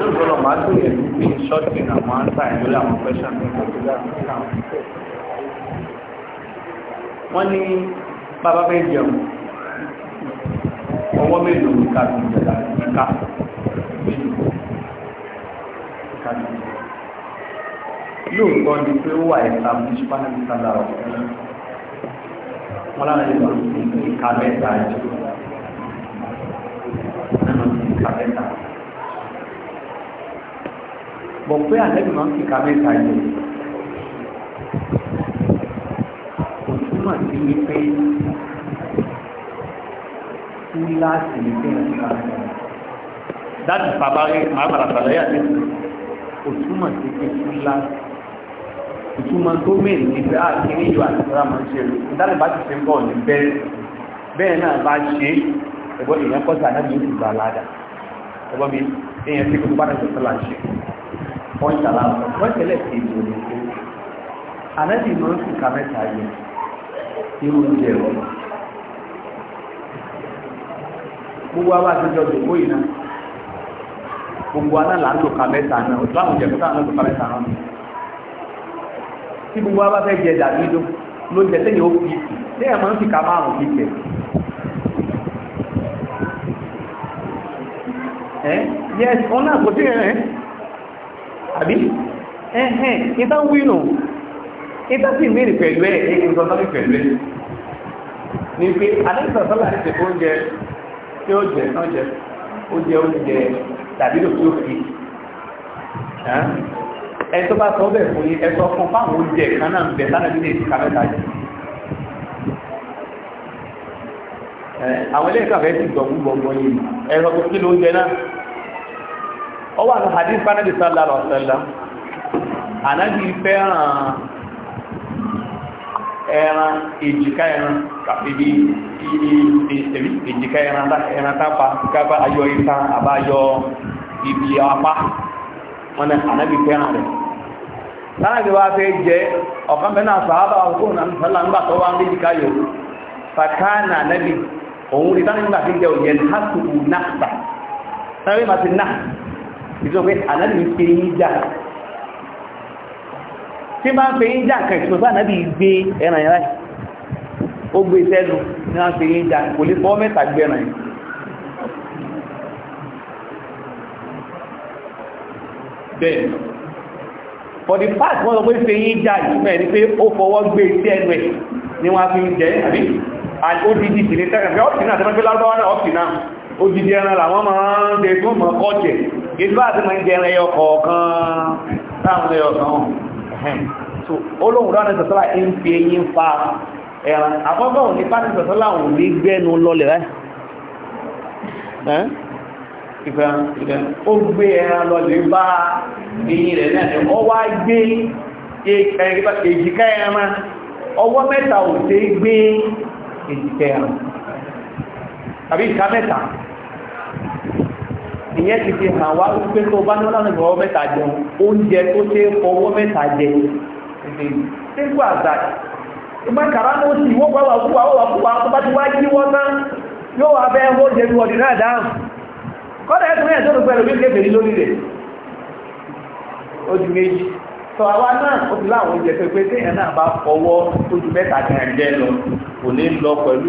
lọ́dọ̀ máa tó yẹ ní ṣọ́ọ̀tì náà máa ń tàn lórí àwọn pẹ́ṣà wọ́n ní bàbá fẹ́ jẹun ọwọ́ mélòó ìka tó jẹ̀dá ìka yóò gbọ́ ni pé ó wà ẹ̀ka municipal standard of wọ́n lára ìgbà ìka mẹ́ta jù bọ̀ pé àlẹ́bí máa ń fi ká mẹ́ta yìí kò túmọ̀ sí wípé tú láti lè fẹ́ ìka láti bàbá rẹ̀ máa bàrà bàrà yà ní kò túmọ̀ sí pé tú láti ìtumọ̀ tó mẹ́rin ní pé àkíní ìlú àti ìtura máa ń ṣe rẹ̀ ìdálẹ̀ bá ti ṣe ń bọ̀ ní bẹ́ẹ̀ bẹ́ẹ̀ náà bá ṣe ẹ̀gbọ́n èèyàn kọ́sà náà ní ìgbà ládàá ẹ̀gbọ́n mi èèyàn tí kò bá náà ṣe wọ́n ṣàlá wọ́n tẹ́lẹ̀ sí ìlú ní pé ànábì máa ń fìkà mẹ́ta yẹ irú oúnjẹ wọn gbogbo àwọn àtijọ́ ìdòkó yìí náà gbogbo anáàlá ń lò ká mẹ́ta náà òtún àwọn ká mẹ́ta náà ni tí gbogbo fẹ́ jẹ dàbí ló ló jẹ sẹ́yìn ó fi sẹ́yìn máa ń àbí ẹ̀hẹ́n ìta ń wínú ìta sì mìírì pẹ̀lú ẹ̀ ìgbọ̀nsọ́lì pẹ̀lú ẹ̀ ní pé alẹ́sọ̀sọ́là ti tẹ̀kọ́ oúnjẹ tí ó jẹ náà jẹ oúnjẹ oúnjẹ tàbí lò tó fi ẹ tó bá sọ bẹ́ẹ̀ fún yín ẹ sọ fún fáwọn oúnjẹ kan náà ń bẹ sánàbí lè ká mẹ́ta jẹ àwọn ilé ìkàfẹ́ sì gbọ̀ngbọ̀ngbọ̀ yìí ẹ ó wà ní hadith fánàbí sallallahu alaihi wasallam ànábì fẹ́ràn ẹran èjìká ẹran kàfibí èjìká ẹran tápa kápá ayọ ìta àbáyọ ibi apá wọn ni ànábì fẹ́ràn rẹ̀ lánàbí wá fẹ́ jẹ ọ̀kan bẹ́ẹ̀ náà sàábà ọkùnrin náà sọ́lá ń gbà tó wá ń bí jìká yòó fàkánà nábì òun rí tánàbí gbà fi jẹ òyìn hásùkù náà sàábà náà ìtumọ̀ pé ànábì ń pè yín jà tí máa ń pè yín jà kan ìtumọ̀ pé ànábì gbé ẹran yẹn láì ó gbé sẹ́nu ní wọ́n pè yín jà kò lè fọ́ mẹ́ta gbé ẹran yẹn bẹ́ẹ̀ for the fact wọ́n sọ pé ṣe yí jà ìtumẹ̀ ni pé ó fọwọ́ gbé sí ẹ̀ ni wọ́n fi ń jẹ́ àbí and ó di di ìdílé tẹ́rẹ̀ odidi ẹran làwọn máa ń tẹ tó mọ̀ kọ́jẹ̀ ìgbà àti mọ̀ ìdí ẹran ẹyọ kọ̀ọ̀kan táwọn ẹyọ kan hàn olóhùn rán ẹsẹ̀ sọ́lá ń fi eyín fa ẹran àkọ́kọ́ òní pàtí ẹsẹ̀ sọ́lá òun ní gbẹ́nu lọlẹ̀ rẹ̀ ó gbé ẹran lọlẹ̀ bá eyín rẹ̀ náà ọ wá gbé èjìká ẹran ọwọ́ mẹ́ta ò tẹ́ gbé èjìká ẹran tàbí ìka mẹ́ta ìyẹn ti fi hàn wá wípé tó bá ní ọlọ́run ìfọwọ́ mẹ́ta jẹun oúnjẹ tó ṣe fọwọ́ mẹ́ta jẹ ṣégbó àgbà ìgbà ló sì wọ́n pa wàkúwà wàkúwà tó bá ti wá jí wọ́n náà yóò wà bẹ́ẹ̀ ó jẹ́ bí wọ̀dì náà kọ́dà ẹ̀sùn ẹ̀ tó pẹ̀lú bí kéfèé lórí rẹ̀ ó méjì tọ́ àwa náà ó ti láwọn oúnjẹ pé tí náà bá fọwọ́ mẹ́ta jẹ́ lọ kò ní lọ pẹ̀lú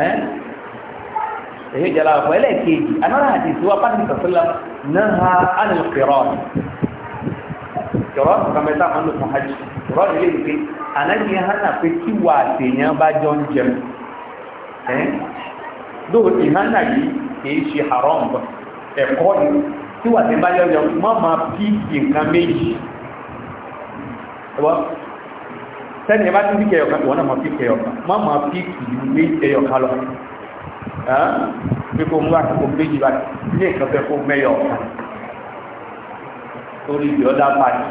èyí jẹ́ lára fún ẹlẹ́ẹ̀kejì anára àti ìṣúwá pàtàkì sàṣẹ́lá náà ha ánìlù kìrọ̀ kìrọ̀ kàmẹ́tà máa ń lò fún hajj kìrọ̀ ilé ìgbé anáyẹ hánà pé kí wà àtẹ̀yàn bá jọ ń jẹun lóò ní hánà yìí kìí ṣe máa fi nǹkan méjì sẹ́ni ẹ̀bá tí kẹyọ̀ kan wọ́n náà ma fi kẹyọ̀ kan má ma fi ìwé kẹyọ̀ kan lọ pé kò mú àkókò méjì bá ní nǹkan fẹ́ kó mẹ́yọ̀ kan torí ìdí ọ̀dà pàdé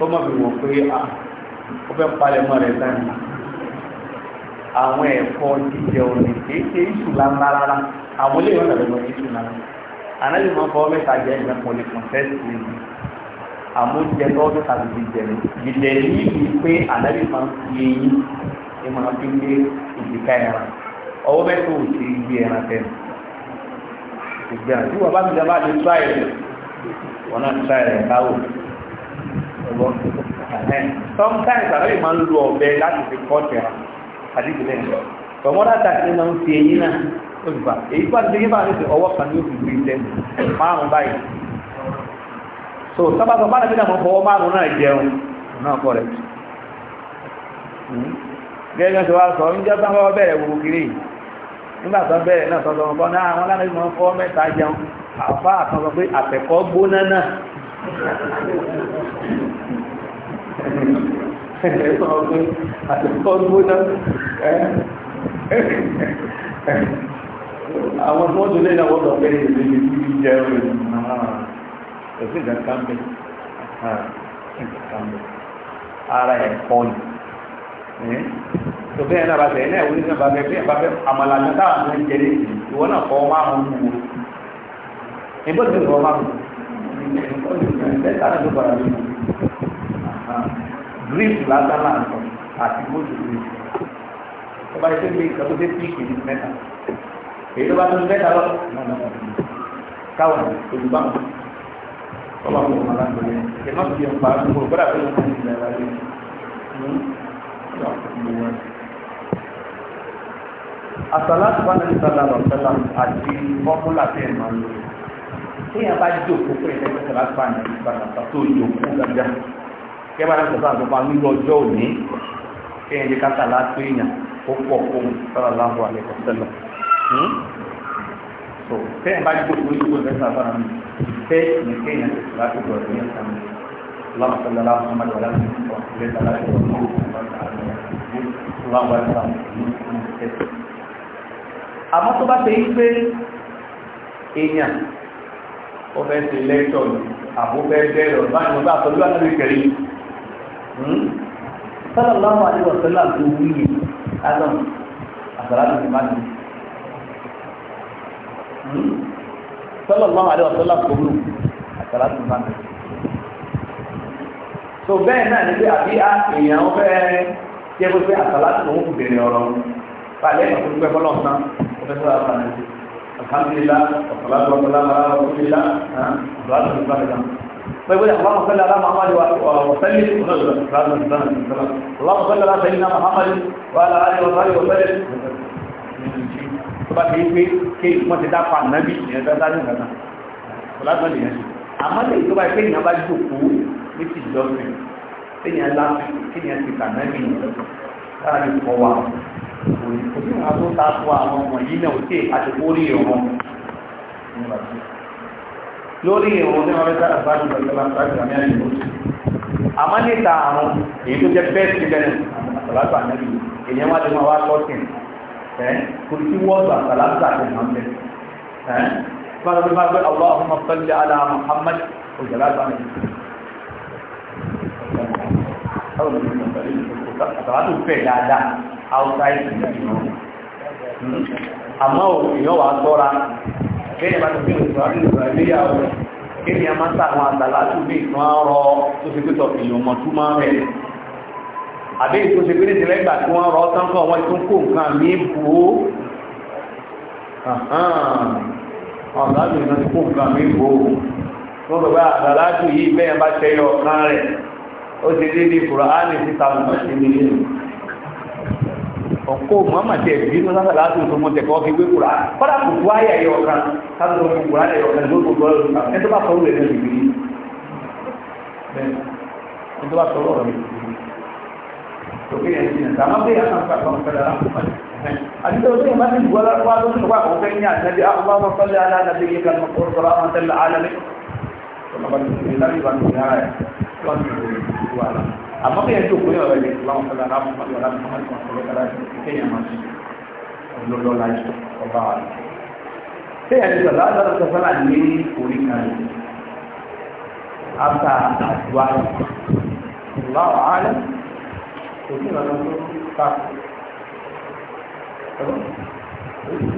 ó mọ̀ fi wọ̀ pé ó fẹ́ palẹ̀ mọ́ rẹ̀ sẹ́ni àwọn ẹ̀kọ́ jíjẹ òní kìí ṣe iṣu lánàá rárá àwọn ilé ìwọ̀n náà lọ́wọ́ iṣu lánàá àná yìí máa bọ́ mẹ́ta jẹ́ ìgbà kan lè àmójẹ lọ́dún tàbí ti jẹ̀rẹ̀ ìdílé yìí pé ànábì máa ń fi eyín ní máa fi gbé ìdíkà ẹran ọwọ́ mẹ́tò ò sí gbé ẹran tẹ̀lé ìgbà tí wọ́n bá ti dábàá lè tó àìrẹ̀ wọn náà tó àìrẹ̀ káwò ọgbọ́n sometimes ànábì máa ń lo ọ̀bẹ láti fi kọ́ tẹ̀ra àti ìdílé ẹ̀ tọmọdà tàbí máa ń fi eyín náà ó ti fà èyí tó àti ìdílé bá ti ọwọ́ kan ní òfin gbé so sábàtọ̀ bá nàbí nàmọ́ fọwọ́ márùn náà jẹun náà kọ́ rẹ̀ hmm? gẹ́gẹ́ sọ wá sọ níjọ́ tán wọ́n bẹ̀rẹ̀ gbogbo kiri nígbà tó bẹ̀rẹ̀ náà tọ́jọ́ ọkọ náà àwọn lánàá ìmọ̀ fọ́ mẹ́ta jẹun àfa àtọ́sọ pé àtẹ̀kọ́ gbóná náà àtẹ̀kọ́ gbóná àwọn tó ń dúró náà wọ́n lọ bẹ́ẹ̀ lè fi jẹun náà sí ìgbàkan bẹ ìgbàkan bẹ ara ẹ̀ pọ̀ ni tó bẹ́ẹ̀ náà bá bẹ́ẹ̀ náà wọlé náà bá bẹ́ẹ̀ bẹ́ẹ̀ bá bẹ́ẹ̀ àmàlà náà dáhà náà ń jẹrẹ ìwọ náà fọwọ́ máa mú un wò ìbọn tó fọwọ́ máa mú un bẹ́ẹ̀ tánà tó bọ̀rọ̀ mi grief lásán náà àti gbóòtù grief tó bá yẹ kó gbé ìkàtó dé píìkì ní mẹ́ta èyí tó bá tó mẹ́ta lọ káwọn olùbámu tọ́lá fún ọmọ alágbèrè ẹ̀ má fi ẹ̀pà àdúgbò gbọ́dọ̀ fún ọmọ ìgbà ẹ̀rọ ayé hmm? àsàlátù bá nàìjíríà sàlá lọ sẹlá àti fọ́múlà tẹ̀ máa lò téèyàn bá jókòó pé ẹ̀ka sàlátù bá nàìjíríà sàlá sàlá tó jókòó gàdá kẹ́bà náà sọ̀tàn àtọ́fà nínú ọjọ́ òní kéèyàn lè ká sàlátù èèyàn ó pọ̀ fún sàlá láwọ̀ tó fẹ́ẹ̀ bá dìbò tó dìbò ní ẹ̀sán fún mi fẹ́ ní kéèyàn láti bọ̀ ní ẹ̀sán mi lọ́wọ́ sọ́lá láwọn ọmọ ìwà láti bọ̀ sílẹ̀ láti bọ̀ ní ìwà láti bọ̀ àmọ́ tó bá ṣe ń pé èèyàn ó fẹ́ ṣe lẹ́tọ̀ ní àbúfẹ́ bẹ̀rẹ̀ ọ̀dọ́ àwọn ọba àtọ́jú àtọ́jú kẹrì sọ́lọ́ láwọn àdéhùn sọ́lá tó wúlò adam àtàlà tó ti máa sallallahu alaihi wasallam kò mú àtàlà tó bá mi. tó bẹ́ẹ̀ náà ni pé àbí èèyàn fẹ́ jẹ́ pé pé àtàlà tó ń kú bèrè ọ̀rọ̀ balẹ̀ ìgbà tó ń pẹ́ fọlọ́ ọ̀sán ọ̀fẹ́ tó lára rẹ̀ alhamdulillah ọ̀sán àti ọ̀sán lára alhamdulillah ọ̀sán àti ọ̀sán lára فيقول اللهم صل على محمد وسلم اللهم صل على سيدنا محمد وعلى اله وصحبه وسلم tó bá ti rí pé ké wọ́n ti dápa nábì ìyẹn tó sáré nǹkan náà kò lásán lè yẹn àmọ́ lè tó bá pé èèyàn bá jòkó ní ti ìjọsìn kéèyàn láti kéèyàn ti kà nábì ìyẹn lára ní kọ wa kò sí wọn tó ta fún àwọn ọmọ yìí náà òkè àti orí ìrún lórí ìrún ní wọn àrùn èyí tó jẹ́ bẹ́ẹ̀ sí bẹ́ẹ̀ àtàlágbà nábì èèyàn wá wá tọ́sìn كل في وضع ثلاث ساعات الحمد بعد يقول اللهم صل على محمد وجلال عن àmọ́ èèyàn wà sọ́ra bẹ́ẹ̀ bá tẹ̀lé ìsọ̀rọ̀ ìsọ̀rọ̀lẹ́yàwó kí ni a máa ń sàwọn àtàlátù ní ìtàn ọ̀rọ̀ tó fi pẹ́tọ̀ èèyàn mọ̀ túnmọ́ rẹ̀ àbí ètò ṣe pé nítorí ẹgbà tí wọ́n rọ sáńkọ̀ wọ́n tún kó nǹkan mí bò ó ọ̀gáàdù ìran ti kó nǹkan mí bò ó tó lọ bá àgbàlájú yìí bẹ́ẹ̀ bá ṣe yọ ọ̀kan rẹ̀ ó ti dé ní ìfura á ní síta mọ̀ sí ní ilé ọ̀kọ́ mọ́mà tẹ̀ bí ní sáńkà láti tó mọ́ tẹ̀ kọ́ fi wé kura kọ́dà kò tó ayà yọ ọ̀kan káàdù tó fi kura yọ ọ̀kan lóko tó lọ́dún ẹ̀ tó bá sọ tó kí ẹni jìnà tá a máa bẹ̀rẹ̀ àwọn àgbà kan fẹ́rẹ̀ láti pàdé àdìsẹ́ òṣèlú yẹn bá ti wà lọ́wọ́ lọ́sọ̀rọ̀ wà kó fẹ́ ní àtẹ́bí àwọn bá fọ́lẹ̀ alánàbí yìí kan kó sọ̀rọ̀ àwọn tẹ́lẹ̀ alẹ́ àmọ́ bí ẹjọ́ òkúrẹ́ ọ̀rẹ́ yẹn lọ́wọ́ fẹ́lẹ̀ aláàmúfàlẹ̀ aláàmúfàlẹ̀ ọ̀rẹ́ kẹlẹ́ kéèyàn máa ṣe olólọ́lá ọba àlè kéèyàn ti sọ̀rọ̀ àdára sọ́fẹ́lá ní orí kan after àdúrà ìlú àwọn àlẹ́ kò sí ìrànlọ́ tó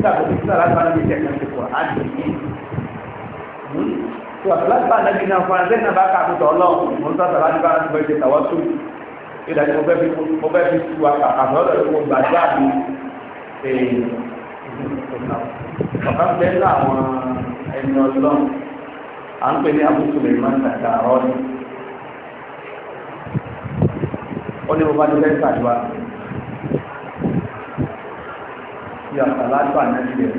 ká òṣìṣẹ́ òṣìṣẹ́ alágbá níbi ìṣẹ̀kan ti pọ̀ á lè ní tó àtàlágbà níbi náà fún ẹgbẹ́ náà bá ká àkótọ́ ọlọ́run mo ń tọ́ta láti bá ti bọ́ ìṣe tàwọn tó ìdájọ́ mo fẹ́ fi mo fẹ́ fi tu àkàtọ́ ọ̀dọ̀ ìwọ gbàdúrà mi ọ̀kan bẹ́ẹ̀ ní àwọn ẹni ọlọ́run à ń ó ní mo bá ti fẹ́ ṣàdúrà ti àtàlágbà nílẹ̀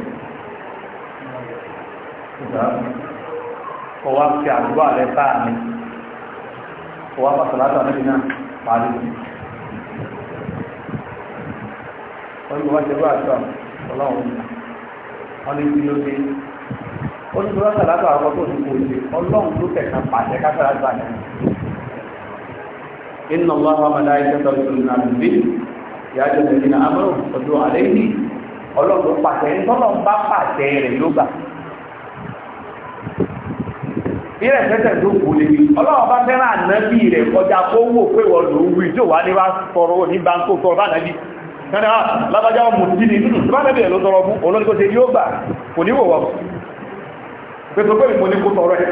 ọwá fi àdúgbà rẹ̀ táà ní ọwá pàtàlágbà nílẹ̀ náà parí ọlọ́wọ́ jẹ́gbà àjọ ọlọ́run ọlọ́run ní ló dé ó ní tó látàlágbà ọkọ̀ tó ti kò ṣe ọlọ́run tó tẹ̀ka pàṣẹ kápẹ́lágbà náà إن الله وملائكته يصلون على النبي يا أيها الذين آمنوا صلوا عليه Ọlọ́run ló pàṣẹ ń tọ́lọ̀ ń bá pàṣẹ rẹ̀ ló gbà. Bí rẹ̀ tẹ́tẹ̀ tó kù lè rí, Ọlọ́run bá fẹ́ràn ànábì rẹ̀ kọjá kó wò pé wọ́n ló ń wí tí ò wá ní wá sọ̀rọ̀ ní báńkó sọ̀rọ̀ bá nàbí. Kẹ́nà ah, lábájá ọmọ sí ni nínú bá nàbí rẹ̀ ló sọ̀rọ̀ fún olóńgbò ṣe yóò gbà kò ní wò wọ́n. Pẹ̀sọ̀ pé mi mo ní kó sọ̀rọ̀ ẹ̀.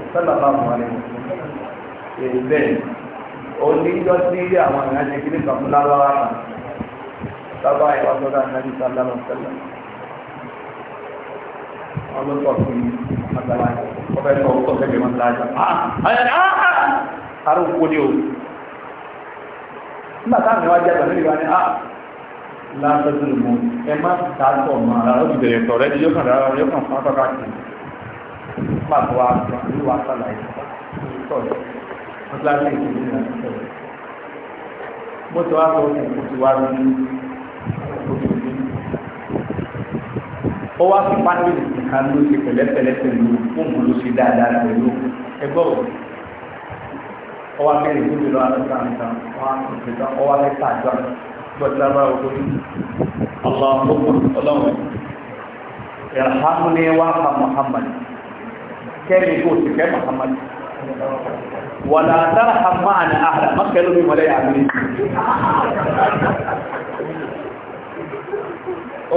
sọ́lá bá wọn ni èbẹ̀ oníjọ́ sí ilé àwọn ìrìnàjò kí ní kàmú lárúbáwá kan sábà ìwà sọ́dá ìrìnàjò sọ́lá lọ sọ́lá wọn ló sọ fún mọ́tàlá ọbẹ̀ tó sọ fẹ́ bí mọ́tàlá jù àrùn kò ní o nígbà táwọn ìwà jẹ́ àgbà nígbà ní à látọ́jú lùmọ́ ẹ má dàtọ̀ mọ́ ara ó ti bẹ̀rẹ̀ sọ̀rọ̀ ẹ máa bọ̀ wá ìlú wa sálà yìí sọ̀rọ̀ mọ́tíláṣí ìdílé náà sọ̀rọ̀ bó ti wá sọ fún mo ti wá rí ojúbí ó wá fi pàtẹ́lì nìkan ló ṣe pẹ̀lẹ́pẹ̀lẹ́ pẹ̀lú fóònù ló ṣe dáadáa pẹ̀lú ẹgbẹ́ òun ó wá bẹ̀rẹ̀ fún mi lọ́wọ́ àtúntà nìkan ó wá fi pẹ̀lú ó wá lẹ́tà àjọ gbọ́dọ̀ lábára owó ní ọlọ́run ọlọ́run ìrànlámúni wá pa Muhammad. kai ne ko kai muhammad wala tarham ma'ana ahla makka lumi wala ya amri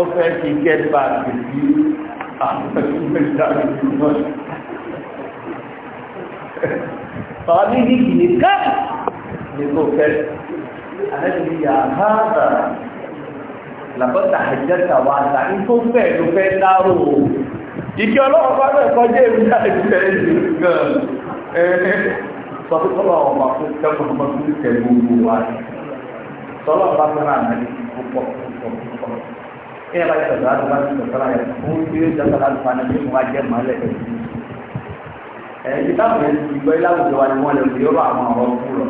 o fẹ́ kí get back with you Tọ́lá ní kìí káà ní kò fẹ́, àrẹ́bìnrin yà háàbà làbọ́ta àjẹ́ta wà náà, ní kò fẹ́ ló fẹ́ dárò ìkí ọlọ́run bá bẹ̀ kọjá èmi láti fẹ́ ìlú gan sọ́kútọ́lọ́ ọmọ tó kẹ́kọ̀ọ́ ọmọ tó tẹ̀ gbogbo wa sọ́lọ́ bá fẹ́ ràn án púpọ̀ púpọ̀ kí ẹ bá yẹ sọ̀tọ̀ láti bá yẹ sọ̀tọ̀ láti fún bí ó jẹ́ sọ̀tọ̀ láti fún ẹni tó wá jẹ́ mọ́lẹ̀ ẹ̀yìn táwọn ẹni ti gbọ́ ilé àwùjọ wa ni wọ́n lè fi ọ̀rọ̀ àwọn ọ̀rọ̀ kú lọ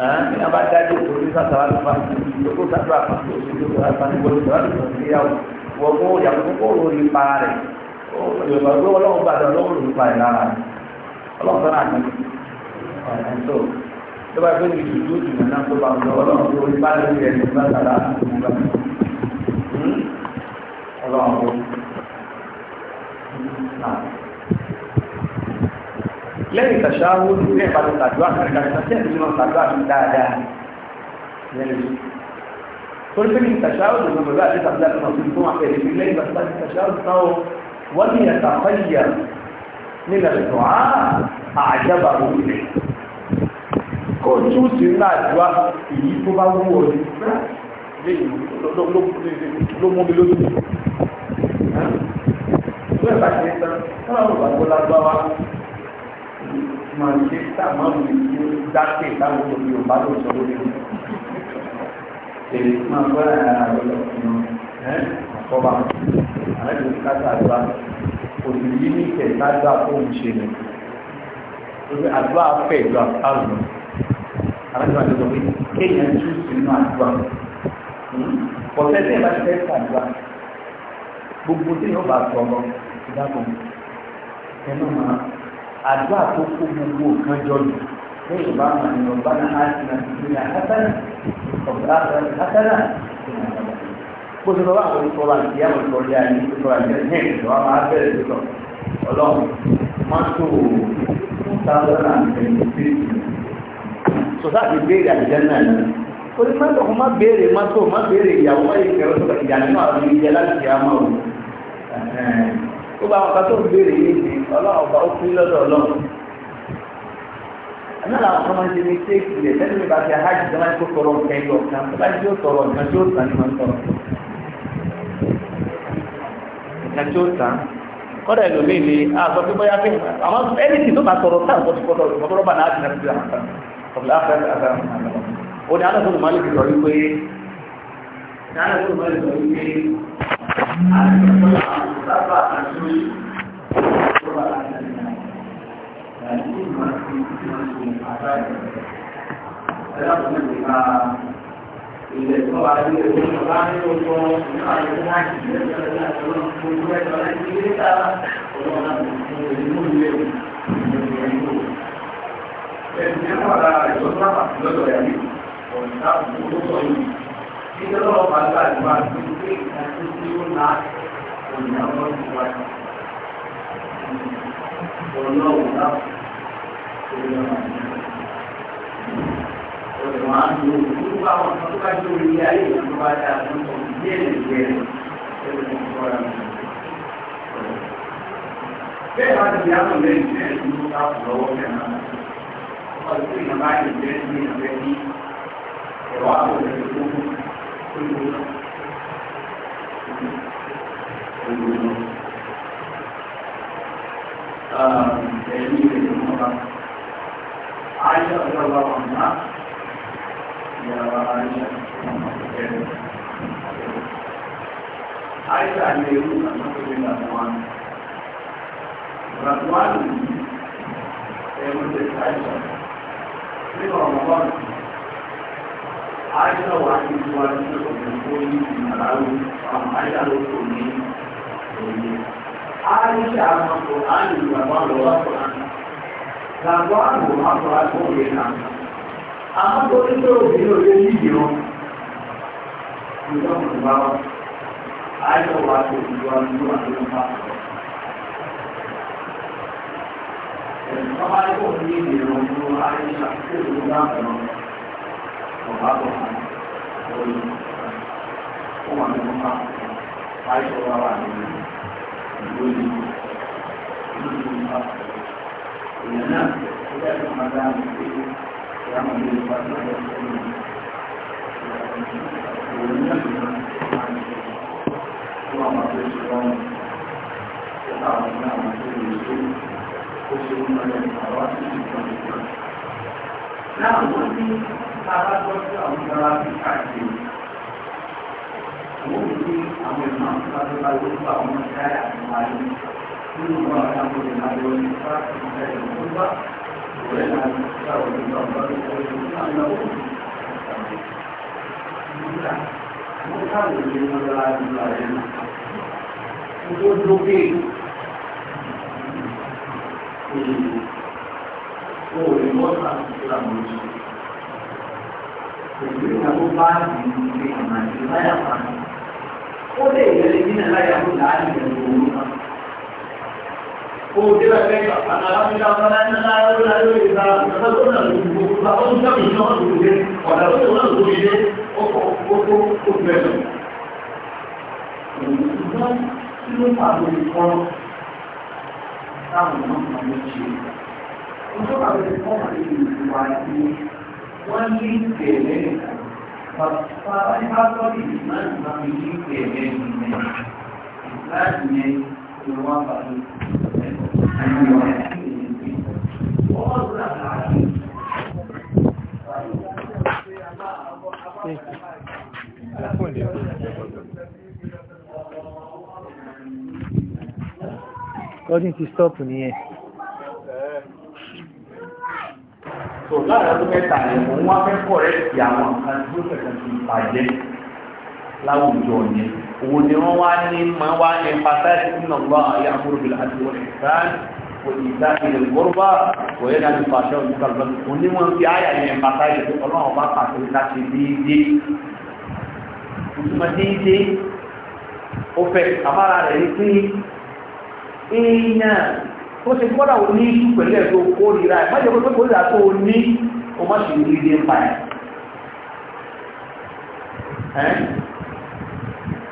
ẹ̀ẹ́n ní abájáde òkú ní sàtọ̀ láti fún ẹni tó kó sàtọ̀ àpapọ̀ òṣèlú sọ̀tọ̀ láti fún ẹni tó sọ̀tọ̀ láti fún ẹni tó sọ̀tọ̀ yorùbá gbé ọlọ́run gbàdọ̀ lọ́wọ́ olùpa ẹ̀ lára rẹ̀ ọlọ́run tọ́lá ní ọ̀rẹ́ tó tó bá gbé ní ìdúró jùlọ náà tó bá ń lọ ọlọ́run tó orí bá lórí ẹ̀ ní bá tàbá àtúgbà ọlọ́run tó lẹ́yìn ìtàṣáwó ní ẹ̀bá ti tàdúrà kàríkàríkà tí ẹ̀sìn náà tàdúrà sí dáadáa lẹ́yìn torí pé ní ìtàṣáwó lè mọ̀ pẹ̀lú àti tàbí àti tàbí fún àpẹẹrẹ lẹ́yìn ìtàṣáwó وليتخير من الدعاء أعجبه إليه kó tún sí láàdúrà èyí tó bá wú ọdún ló mú mi lójú ìlú ẹ̀ka ṣe ń tán wọn àwọn olùgbàgbọ́ lágbáwá máa ṣe táwọn ọmọ ìlú dákẹ́ táwọn olùgbàgbọ́ yóò bá lóòótọ́ lórí ẹ̀ máa gbọ́ ara rẹ̀ lọ́wọ́ kọ́ba àlejò ní káṣá àdúrà òsì yìí ní kẹta àdúrà tó ń ṣe nù lórí àdúrà fẹ́ ìlú àpárùn àlejò àti ọ̀gbìn kéèyàn tú sínú àdúrà pọ̀tẹ́tẹ́ hmm? ìbáṣe fẹ́ sàdúrà gbogbo tí yóò bá sọ ọ ìdáàbò ẹnu máa àdúrà tó kó gbogbo kan jọ lù lẹ́yìn bá máa ń lọ náà á ti nà sí ilé àtàlà ọ̀gá àtàlà àtàlà ìrìn bó ti lọ́wọ́ àwọn ìṣọ́ra àti ìyá àwọn ìṣọ́ra àti ìṣọ́ra àti ẹ̀hìn ìṣọ́ra máa bẹ̀rẹ̀ lọ́tọ̀ ọlọ́run mọ́tò thousand and twenty-three sọ́sáàtì béèrè àtijọ́ náà ni torí mọ́tò kò má béèrè mọ́tò má béèrè ìyàwó má yẹ kẹrọ sọ́kà ìyá nínú àwọn ìyá láti ìyá máa wò tó bá wọn kátó béèrè yìí ti ọlọ́run ọba ó fi lọ́dọ̀ ọlọ́run anáàlà àwọn ọmọ ṣe ní téèkì rẹ̀ lẹ́nu ìbáṣẹ hajj tó máa ń kó tọrọ nǹkan ẹ̀yọ̀ kan tó bá yóò tọrọ nǹkan tó tàn ní máa ń tọrọ nǹkan nǹkan tí ó tán kọ́dà ìlòmí ni àgbà pé bóyá pé àmọ́ ẹni tí tó bá tọrọ táà ń bọ́ sí kọ́tọ̀ ìgbà tọrọ bá náà dìnnà sí àwọn àtàwọn ọ̀bùnà afẹ́ àtàwọn ò ní anáfóònù máa lè fi sọ wípé anáfóònù máa lè sọ wípé anáfóònù sábà àti oṣù tó bá láti àti àti ìmọ̀ àti ìmọ̀ àti àti àti ilẹ̀ tó wà ní ẹ̀kọ́ bá ní ọkọ̀ àwọn láti ẹ̀kọ́ láti ọlọ́run tó láti ilé ta ọlọ́run láti ìlú ilé ẹ̀sìn ẹ̀kọ́ ara ẹ̀kọ́ sábà lọ́dọ̀ yà ní ọ̀nà tó sọ yìí nígbà tó wọ́n bá gbà ní wá sí ilé ìdájọ́ tí ó na ọ̀nà ọlọ́run wá sí ọlọ́run láti ọlọ́run láti ọ̀dọ̀ àánú nípa àwọn kan tó bá jẹ́ orí ilé ayé ìlú tó bá dá àwọn ọmọ ìdílé ìgbẹ́ ẹgbẹ́ ìfọ́ra mi. bẹ́ẹ̀ bá ti di àwọn ilé ìgbẹ́ ìlú tó bá kù lọ́wọ́ bẹ́ẹ̀ náà ọdún tó yàn bá yẹ ìgbẹ́ ní ìgbẹ́ ní ẹ̀rọ àwọn ọ̀dọ̀ tó kù tó lò ó. ẹ̀yìn ìgbẹ́ ìlú náà ayé ọ̀dọ́ wa wà náà. Àìsà ni èrú àtúnṣe Nàìjíríà. Nàìjíríà ni ẹ̀rù ṣe àìsà. Nínú ọ̀rọ̀ náà, àìsà wà ní ìwà ní ọ̀gbìn tó ní ìmàláwó, àwọn àìsà ló kò ní òye. Àìsà àmọ̀kò àìlú àbálọ̀ wà fún àná. Làbọ̀ àmọ́ tó ní pé obìnrin ò lè ní ìdíwọ́ bá wọn àìsàn wà tó ìjọba ní ìjọba tó ń bá wọn. ẹ̀sùn tó bá ní kò ní ìdíwọ́ ní wọn àìsàn tó ń bá wọn ọ̀bá tó ń bá wọn ó wà ní wọn bá wọn àìsàn wà wà ní ìlú ìlú ìlú ìlú ìlú ìlú ìlú ìlú ìlú ìlú ìlú ìlú ìlú Náà wọ́n Ó lè yẹ lè nínú ẹ̀láyàwó láàrin ẹ̀rọ òun náà. قوتل كيف أن wọ́n ní ní Ọdún ti stọ́pù ní ẹ̀. Tò láàrín ọdún mẹ́ta ẹ̀mọ̀ wọ́n fẹ́ kọ̀ rẹ̀ sí àwọn nǹkan tí ó fẹ̀kàn ti bàjẹ́ láwùjọ yẹn wo ni wọ́n wá ní ma wá emphasize inna Allah ya'muru bil adli wal ihsan wa ita'i dhil qurba wa yanha 'anil fahsha'i wal munkari wal baghi òní wọ́n fi àyà ní emphasize pé ọlọ́run bá pàṣẹ láti déédé ìtumọ̀ déédé ó fẹ́ àmàrà rẹ̀ ní pé èèyàn ó ṣe gbọ́dọ̀ ò ní ìṣú pẹ̀lú ẹ̀ tó kórìíra ẹ̀ májẹ̀ pé kórìíra tó o ní o má ní ilé ń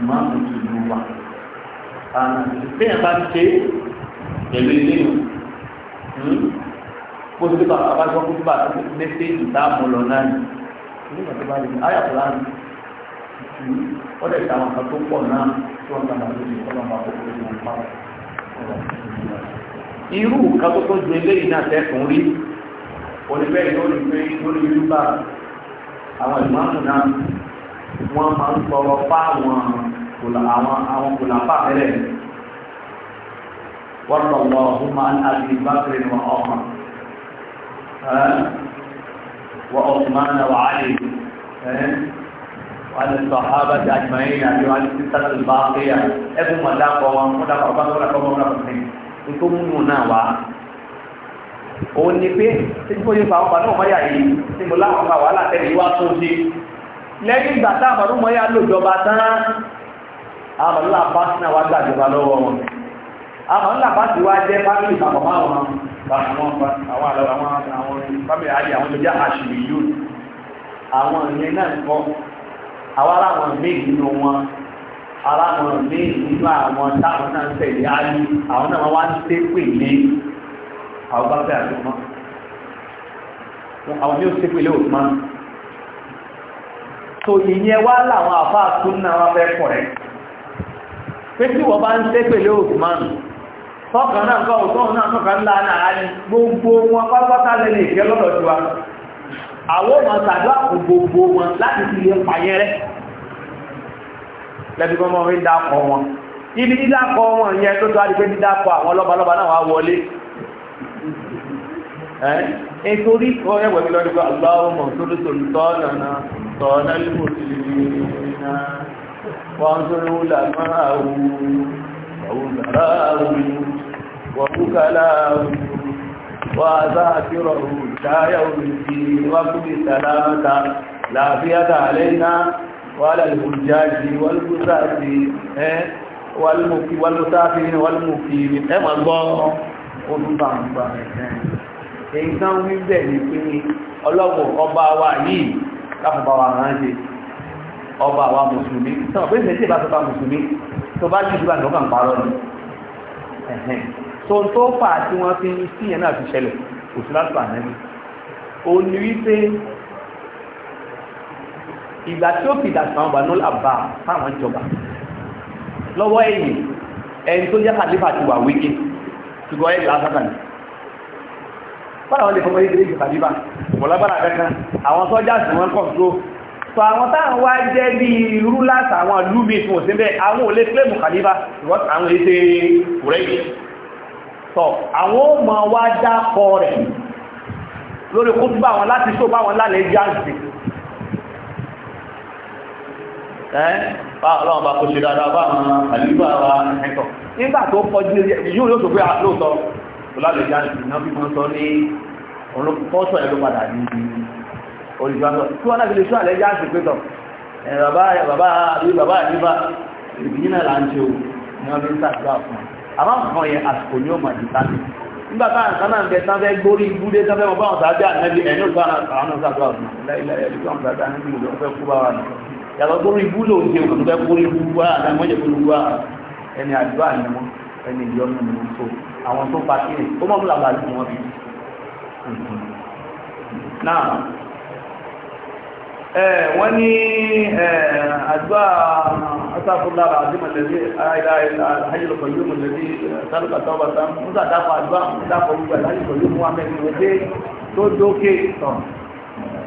ìmáàmù ìlú wa bẹ́ẹ̀ bá ṣe pẹ̀lú ilé nù hmm, kó tó bá bá gbọ́ kó tó bá mẹ́sẹ̀ẹ́jì táàmù lọ náà ní nígbà tó bá rí ayàtọ̀ láàrín wọ́n hmm, lè ta àwọn kan tó pọ̀ náà tí wọ́n gbàgbà lórí ọlọ́run àwọn akókò tó ń pa irú kan tó tó ju eléyìí náà tẹ́kùn rí oníbẹ̀rẹ̀ lórí pé lórí yúbà àwọn ìmáàmù náà wọ́n máa ń sọ̀rọ̀ fáwọn àwọn kòlàpá tẹ́lẹ̀ wọ́n lọ́wọ́ ọ̀húnmá àti bákìrì wọ ọmọ wọ ọ̀tùmánà wà áyè wà ní sọ̀hábà tí àjùmáyé àti wà ní sísàlẹ̀ bá kéyà ẹkùn mọ̀ dákọ̀ wọn kó dákọ̀ bá lọ́wọ́ dákọ̀ wọn kọ̀ sí ní tó múnú náà wá òun ni pé lẹ́yìn ìgbà táwọn ọmọ yà lòjọba tán àwọn ọlọ́lá bá sí náà wá gbàjọba lọ́wọ́ wọn àwọn ọlọ́lá bá ti wá jẹ́ fámìlì papọ̀ máa wọn àwọn àlọ́ àwọn fámìlì àyè àwọn tó jẹ́ àṣìlì yóò àwọn ìyẹn náà ń kọ́ àwọn aláwọn méjì nínú wọn aláwọn méjì nínú àwọn táwọn náà ń tẹ̀lé ayé àwọn náà wá ń tẹ́pè ní àwọn bá fẹ́ àti ọmọ àwọn ní ó tẹ́pè lé òtún máa tó ìyẹn wá láwọn àfáà tún náà wá fẹ́ kọ̀ rẹ̀ pé tí wọ́n bá ń tẹ́ pẹ̀lú Usman tọ́kàn náà kọ́ òtọ́hùn náà tọ́kàn ńlá náà ní gbogbo wọn pátápátá lẹ́nu ìfẹ́ lọ́dọ̀ tiwa àwọn ọmọ sàdúrà kò gbogbo wọn láti fi lè pààyàn rẹ lẹ́bi gbọ́n mọ́ fi dákọ̀ wọn ibi dídákọ̀ wọn yẹn tó tó adìpé dídákọ̀ àwọn lọ́balọ́ba náà wá wọlé ẹ torí kọ ẹwẹ̀ mi lọ́dún pé aláwọ̀ mọ̀ tó lóṣòlù tọ́ وانظروا لماه ووزراه ووكلاه وذاكره لا يوم الدين وقت ثلاثة لا فيد علينا ولا الحجاج والغزاة والمسافرين والمقيمين ẹ máa gbọ́ ọdún bá ń bá ẹ̀ẹ́ ìtàn wíbẹ̀ ní pé ọlọ́pọ̀ ọba wa yìí láfọ̀bá wa ránṣẹ́ ọba àwa mùsùlùmí sọ pé ìṣẹ́jì bá sọ́ba mùsùlùmí tó bá jù síbà lọ́kàn parọ́ ni tó tó fà tí wọ́n fi ń sí yẹn náà fi ṣẹlẹ̀ kò sí láti pàdánù ó ní wípé ìgbà tí ó fi dàgbà wọn bá ní àbá fáwọn ìjọba lọ́wọ́ ẹ̀yìn ẹni tó yá kàlífà ti wà wíkì ṣùgbọ́n ẹ̀yìn lásán báwọn lè fọwọ́ yé kàlífà wọ́n lágbára kankan àwọn sọ́jà sì wọ́n kọ̀ sọ àwọn táwọn wá jẹ́ bí irú láti àwọn lúmi fún òsínbẹ̀ àwọn olè flame kàlíbà ìwọ́n àwọn ètè rẹ̀bì sọ àwọn ọmọ wá dákọ rẹ̀ lórí kó túbà wọn láti ṣó bá wọn lálẹ́ jáǹsì ọlọ́run bá kó ṣe dáadáa bá àwọn àlúgbà wa ẹ̀kọ́ nígbà tó kọjú yóò yóò sọ pé lóòótọ́ kò lálẹ́ jáǹsì náà fi mọ́ sọ ní ọlọ́pọ̀ olùjọ́sọ tí wọ́n náà fi lè sọ àlẹ́ jáàsì pé tọ̀ bàbá bàbá ni wọ́n fi ń sàdúrà fún un àmọ́ nǹkan yẹn àsìkò ni ó mọ̀ jù sáà nígbà tá à ń sáná ń bẹ tán fẹ́ gbórí ibúdé tán fẹ́ mọ báwọn sáájú ànábi ẹ̀yìn òṣùwà àwọn sáájú àwọn ìlànà sáájú ànábi òṣùwà fẹ́ kú bá wà ní yàtọ̀ gbórí ibú ló ń ṣe òkùnkùn fẹ́ gbórí ibú wá àdámọ́ wọ́n ní àdúrà asáfúnlára àdìmọ̀lẹ́bí àìlá ayélujára yóò mọ̀lẹ́bí sálùkà tọ́ba tán musa dáfọ̀ àdúrà dáfọ̀ gbogbo àdáyébọ̀ yóò mú amẹ́ni òde tó dókè tán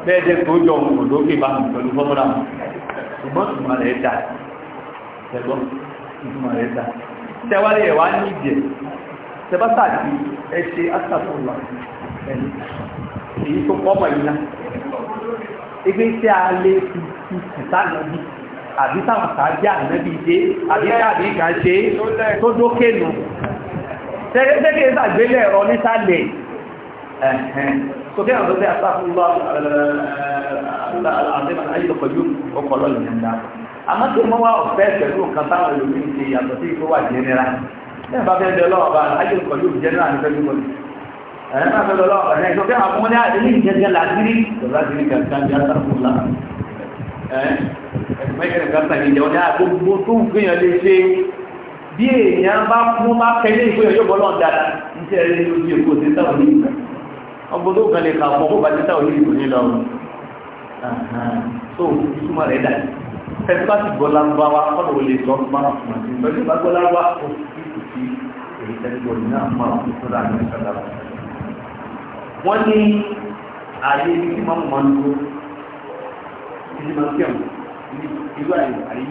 bẹ́ẹ̀dẹ́ tó jọ òun kò dókè bá mi pẹ̀lú fọ́mọ́lá ṣùgbọ́n ìtumọ̀ rẹ̀ dà tẹ̀gbọ́n ìtumọ̀ rẹ̀ dà tẹwárí ẹ̀ ibi tí a lè fi fi kùtà lọ́bí àbí táwọn sàájá ànábì dé àbí tàbí ìgbà ṣe tó dókè nù tẹ́gẹ́gẹ́ ìsàgbélẹ̀ ẹ̀rọ nísàlẹ̀ ẹ̀hẹ́n tó kí àwọn tó tẹ́ àtàkùnlọ́ àmọ́ tó mọ́ wá ọ̀fẹ́ pẹ̀lú nǹkan táwọn ẹlòmí ń ṣe yàtọ̀ sí ìkówà jẹ́nẹ́ra ní ẹ̀bá fẹ́ bẹ́ lọ́wọ́ bá ayé ìkọ̀lú jẹ́nẹ́ra ní fẹ́ ẹ̀rẹ́ náà tó lọ́wọ́ ọ̀rẹ́ ìjọ pé àwọn ọmọdé àdé ní ìjẹjẹ làtírí lọ́wọ́ àdírí kàtàkì àtàkùnlá ẹ̀ẹ́dẹ̀gbẹ́kẹ̀rẹ̀ kàtàkì ìjẹun ní àgbogbo tó ń gbìyàn lè ṣe bí èèyàn bá fún bá kẹ́lé ìwé ọjọ́ bọ́lọ́ dára ní ti ẹ̀rẹ́ lójú èkó ti táwọn ní ìgbà ọgbọ́n tó kan lè kà fún ọgbà ti táwọn ní ìgbò ní lọ́wọ́ tó ìtumọ̀ rẹ̀ dà ẹni bá ti gbọ́ lárúbáwá ọ̀nà olè sọ fún máa fún àti gbọ́ wọ́n ní ààyè ibi tí máa ń mọ́ ní ìdí máa ń kẹ́m ìlú àyè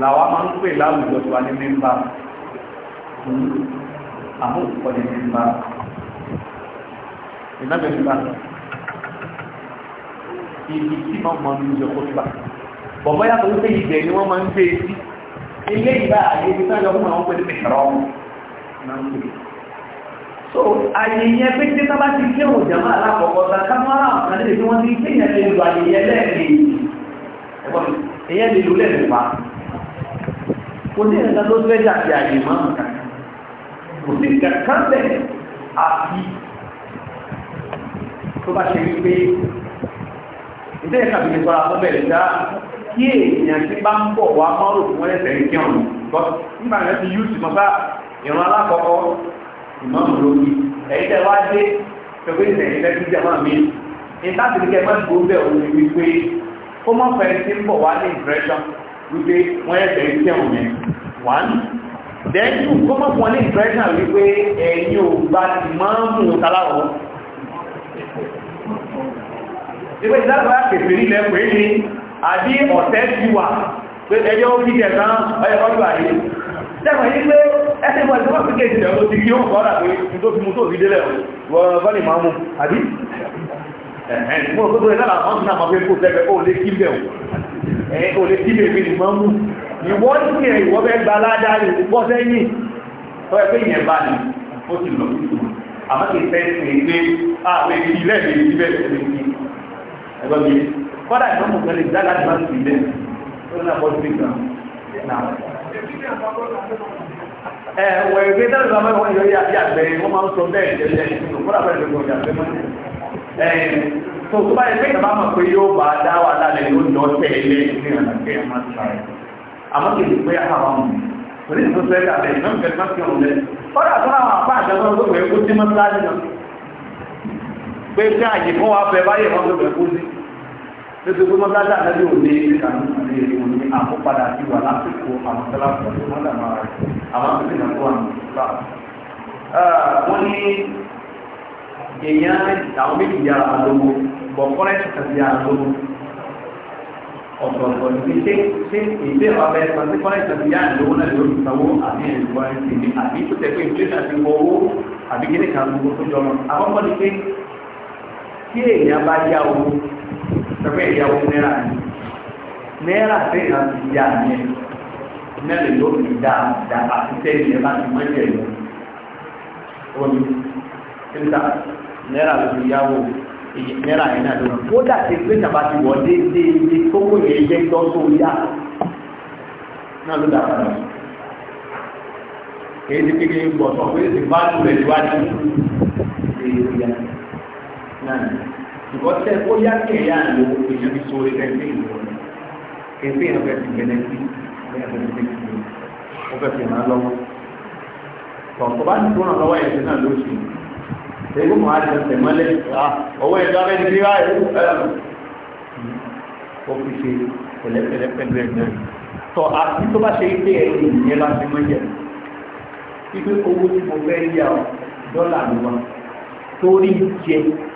làwa máa ń pè láwùjọ tó wà ní mẹ́mbà fún àwọn òkúkọ ní mẹ́mbà ìnáwó ìgbà ibi tí máa ń mọ́ ní ìjọ kó gbà bọ̀bọ́ yàtọ̀ wípé ìbẹ̀ ni wọ́n máa ń gbé e sí ilé ìgbà àyè ibi tí wọ́n yọ fún àwọn pẹ̀lú ìṣòro náà ń pè so àyè yẹn pé tí sábà ti kí òun jàmá alákọ̀ọ́kọ́ ta kámọ́rà kan lè fi wọ́n ti kí èèyàn lè lu àyè yẹn lẹ́ẹ̀kejì èèyàn lè lu lẹ́ẹ̀mẹ́fà kò ní ẹ̀ka tó fẹ́ dàbí àyè máa ń kàn kò sí kankan bẹ́ẹ̀ àfi tó bá ṣe wípé ìdẹ́ ìkàbìlẹ̀ sọ́ra tó bẹ̀rẹ̀ dá kí èèyàn tí bá ń bọ̀ wá mọ́rò fún ẹ̀sẹ̀ ń kí ọ̀nà ìmọ̀mù lórí ẹ̀yìn tẹ́ wá dé pẹ̀lú ìrẹ̀yìn lẹ́tí jẹ́mọ́ mi ìtàkìlẹ́kẹ́ mọ́ tó bẹ̀ òun ni wípé ó mọ̀ fẹ́ tí impression wípé wọ́n ẹ̀fẹ́ iṣẹ́ one then two kó impression wípé ẹ̀yin ò gba ti mọ́mù taláwọ̀ ìpè ìdágbà kèfè nílẹ̀ pé ní àbí ọ̀tẹ́ ti wà pé ẹjọ́ ó kíkẹ̀ kan ọjọ́ àyè sẹ́wọ̀n yí pé ẹsẹ̀ ìwọ̀n ìjọba fi kéèkì rẹ̀ ló ti yóò kọ́ra pé ní tó fi mú tó fi délẹ̀ wọ́n bá ní máa mú àbí mo rò pé lára àwọn ọ̀nà àwọn akẹ́kọ̀ọ́ tẹ́lẹ̀ ó lé kí bẹ̀ ó lé kí bẹ̀ ní máa mú ìwọ́ sí ẹ̀ ìwọ́ bẹ́ gba aládàá rẹ̀ bọ́ sẹ́yìn tó ẹ pé ìyẹn bá ní ó ti lọ àmọ́ kì í fẹ́ sí pé àwọn èdè ilẹ̀ mi ti bẹ̀ ẹgbẹ́ mi kọ́dà ìfọ́nmù kan lè dá láti má sí ilẹ̀ ó ní àpọ́jú ẹ̀wọ̀ ìgbé dáàbò àwọn ọmọ ìyọrí àti àgbẹ̀ wọ́n máa ń sọ bẹ́ẹ̀ jẹ́jẹ́ ìṣòro kó dàbẹ̀ lè gbọ̀dọ̀ àgbẹ̀ mọ́. tó tó báyìí pé ìjọba mọ̀ pé yóò bá dá wà lálẹ́ yóò lọ tẹ̀lé ní ọ̀nà pé ẹ má sọ rẹ̀. àmọ́ kì í pé àwọn ọmọ òní tó fẹ́ dàbẹ̀ ìjọba mọ̀ kẹ́kẹ́ fi hàn lẹ́. kọ́dà tó náà àpá àjọyọ̀ tó pé kó sí mọ́ nítorí wọn bá dà lẹ́yìn òní ìkànnì ìlú òní àkópadà ti wà lásìkò àwọn sẹ́láfọ̀ tó wọ́n dàgbà rẹ̀ àwọn akẹ́kọ̀ọ́ náà tó wà ní ìgbà. wọ́n ní èèyàn àwọn méjì yára àlówó bọ̀kọ́rẹ́ kàtàkì yára àlówó ọ̀tọ̀ọ̀tọ̀ ní pé ṣé ìgbé ọbẹ̀ pàṣẹ kọ́rẹ́ kàtàkì yára àlówó náà yóò sanwó àbí ẹ̀rọ ẹ̀sìn àbí tó tẹ̀ pé inflation ti sọ̀rọ̀ ìyàwó náírà ni náírà sẹ́yìn àti ìyá mi mẹ́rin ló fi dá dá àti sẹ́yìn ẹ̀ bá ti mọ́ ẹ̀jẹ̀ lọ. omi níta náírà ló fi yáwó náírà yẹn náà lọ́nà kódà ti pé tàbá ti wọ̀ déédéé tó wò yẹn jẹ́ tọ́ tó yá náà ló dà padà kìí ti kékeré gbọ̀tọ̀ pé ti bá lù rẹ̀ níwájú ìrìn ìrìn náà ṣùgbọ́n tẹ́ ó yá kẹ̀yà ló èèyàn fi sóore ẹgbẹ́ ìwọ̀n ẹgbẹ́ ìwọ̀n fẹ́ ti gbẹ́lẹ́ sí ẹgbẹ́ ìwọ̀n fẹ́ ti gbẹ́lẹ́ ó fẹ́ fi ràn án lọ́wọ́ tọ̀tọ̀ bá ti kúrò lọ́wọ́ ẹ̀sìn náà ló ṣe ẹgbẹ́ mọ̀ á ti tẹ̀ mọ́lẹ̀ ọwọ́ ẹ̀dá fẹ́ ti rírá ẹ̀rú ó fi ṣe pẹ̀lẹ́pẹ̀lẹ́ pẹ̀lú ẹ̀gbẹ́ tọ́ àti tó bá ṣe pé ẹ̀yìn ìyẹn bá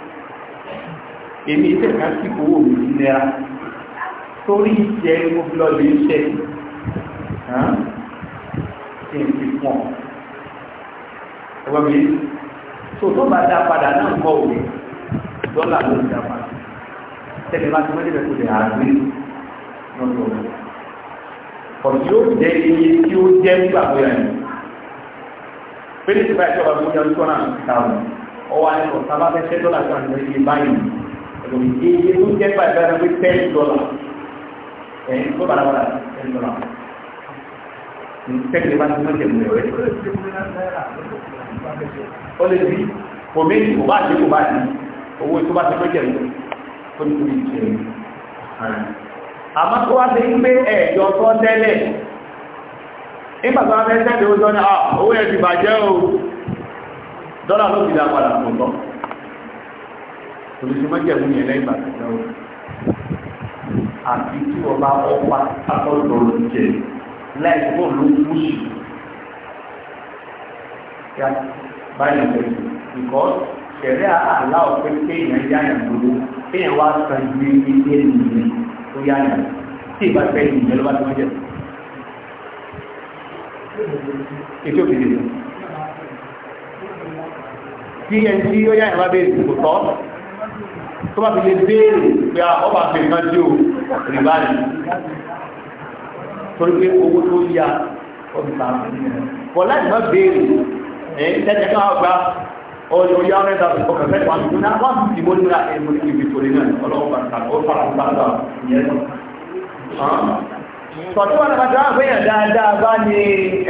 èmi ìtẹ̀ká sí owó mi sí náírà torí ìjẹ́ mo fi lọ́ọ́ lè ṣe kí n fi pọ̀ ẹgbẹ́ mi tó tó bá dá padà náà kọ́ òwe dọ́là ló ń dá padà tẹ́lẹ̀ bá ti mọ́lẹ̀ bẹ́ẹ̀ kó lè àgbé lọ́dọ̀ rẹ̀ ọ̀dí yóò jẹ́ iye tí ó jẹ́ ọjọ́ náà ti ta ọ̀wọ́ àìsàn sábà fẹ́ dọ́là tó àti iye báyìí iye tó jẹ́ pàṣẹ àti ten dollar ẹ̀yìn tó bàrà bàrà ten dollar tẹ́lẹ̀ bá tún tẹ̀lé mú ẹ̀rẹ́ ó lè di kò méjì kò bá di kò bá di owó tó bá ti tó jẹ̀mú ó ní kò ní jẹ̀mú àmọ́ tó wá sí pé ẹ̀jọ́ tó tẹ́lẹ̀ nígbà tó wá fẹ́ tẹ́lẹ̀ ó sọ ní ah, owó ẹ̀ bàjẹ́ o dọ́là ló fi dá padà kò tọ́ olùsèmọ́jẹ̀mú yẹn lẹ́yìn bàtà náà àti tí ọba ọpa atọ́jọ jẹ láì tó ló ń mú sí ya báyìí lẹ́yìn nǹkan ṣẹ̀rẹ́ àlá ọ̀pẹ kéèyàn yáyà lówó kéèyàn wá san ju ilé nìyẹn tó yáyà tí ìbá fẹ́ nìyẹn ló bá ti mọ́jẹ̀ ètò òkèèrè tí ẹni tí ó yáyà bá bẹ̀rẹ̀ kò tọ́ tó bá fi lè béèrè pé ah, ọba fi nǹkan tí ó rí báyìí torí pé owó tó yá ọ̀dùnkà pọ̀ láti má béèrè ẹ̀yìn tẹ́jẹ́ ká gba ọ̀dọ̀ yá rẹ̀ tàbí ọkàn fẹ́ wà nínú náà wọ́n ti mọ́ nílá ẹ̀mọ́ ní ibi torí náà ọlọ́pàá tàbí ó fara ń bá gbà yẹn tọ̀tí wọn lọ́pàá tọ́wọ́ àgbéyàn dáadáa bá ní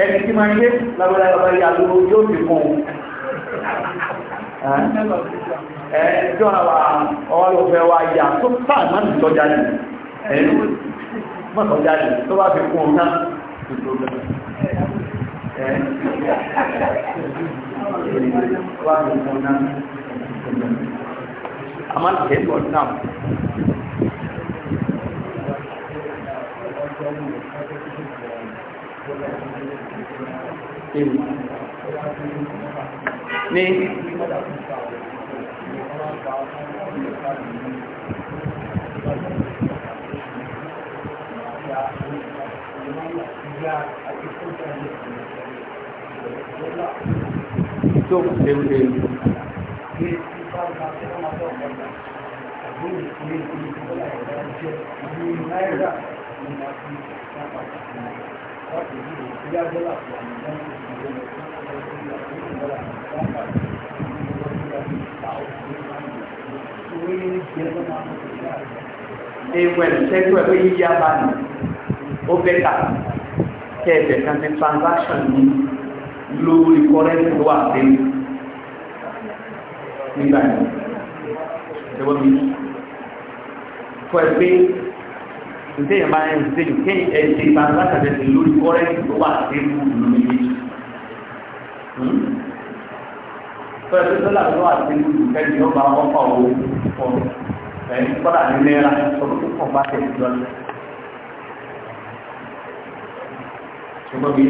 ẹni tí máa ń ẹ tí wọn wà ọwọ́ ló fẹ́ wá yà tó táà má nì tọ́jà jù ẹ̀yìn má tọ́jà jù tó bá fi kún un náà tó tó Amal kẹ́lú ọdún náà. Ní tó kù tẹ́wúlẹ̀ Ewu ẹ̀sẹ̀ tó ẹ̀kọ́ yíyá bá nù, ó bẹ́ta kẹ́ẹ̀bẹ̀ kan ti transaction ní lórí currency tó wà pé nígbà yìí ẹwọ́n mi kọ́ ẹ pé ìtẹ́yìn máa ń ṣe ìké ẹ̀ṣẹ̀ transaction tẹ̀sí lórí currency tó wà pé mú ìlú méjì kọ́ hmm? ẹ pé sọ́là tó wà pé mú ìlú kẹ́ẹ̀bẹ̀ yóò bá ọkọ̀ owó fún ọ ẹ̀yìn kọ́là ní náírà ọdún tó kàn bá tẹ̀sí lọ́sẹ̀. ṣùgbọ́n bí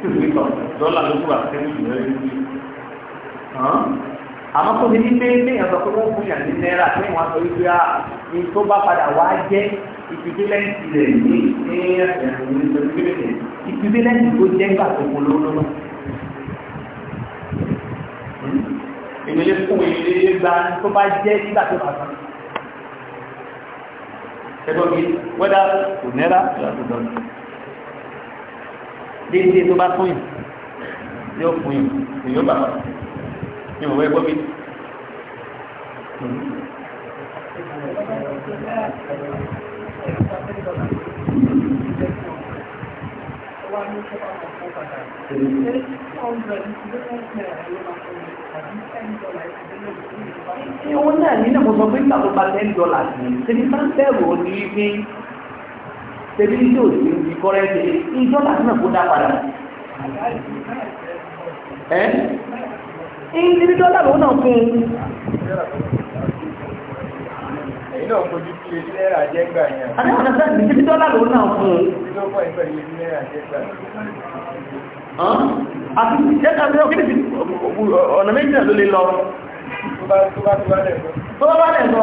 tìrìbí kan dọ́là ló kúrò àti tẹ́lẹ̀ ìlú rẹ̀ lórí. àmọ́ kó ní pé léèyàn sọ pé wọ́n fún yàn ní náírà pé wọ́n sọ wípé ah, ní tó bá padà wá jẹ́ ìfidílẹ́ǹtì rẹ̀ ní ní ẹ̀sìn ìfidílẹ́ǹtì tó jẹ́ gbà tó kún lówó ìmìlẹ̀ hmm? fún ìlélé gba tó bá jẹ́ nígbà tó bá sàn ẹgbọ́n mi wẹ́dà kò náírà ìyàtọ̀ dọ́là déédéé tó bá fún yìí yóò fún yìí kò yóò bà wá ní òwe gbọ́ mi. Ṣé wọ́n náà nínú mo sọ ten dollars ní? Ṣé ní sáńtẹ̀rù ò ní í tẹ̀lé ní yóò sí ní kọ́rẹ́tì ìjọ láti náà kó dá padà ẹ́ ìdílé dọ́là ló náà fún un. ẹ̀yin náà fojú sí ebi náírà jẹ́ gbà yẹn. àti àwọn ọ̀nà sẹ́yìn ìdílé dọ́là ló náà fún un. ìdílé ọkọ̀ ìgbà yẹn ebi náírà jẹ́ gbà àti jẹ́ka mi ọ́ kí ni ọ̀nà méjì náà ló lè lọ. tó bá tó bá lẹ̀ lọ. tó bá bá lẹ̀ lọ.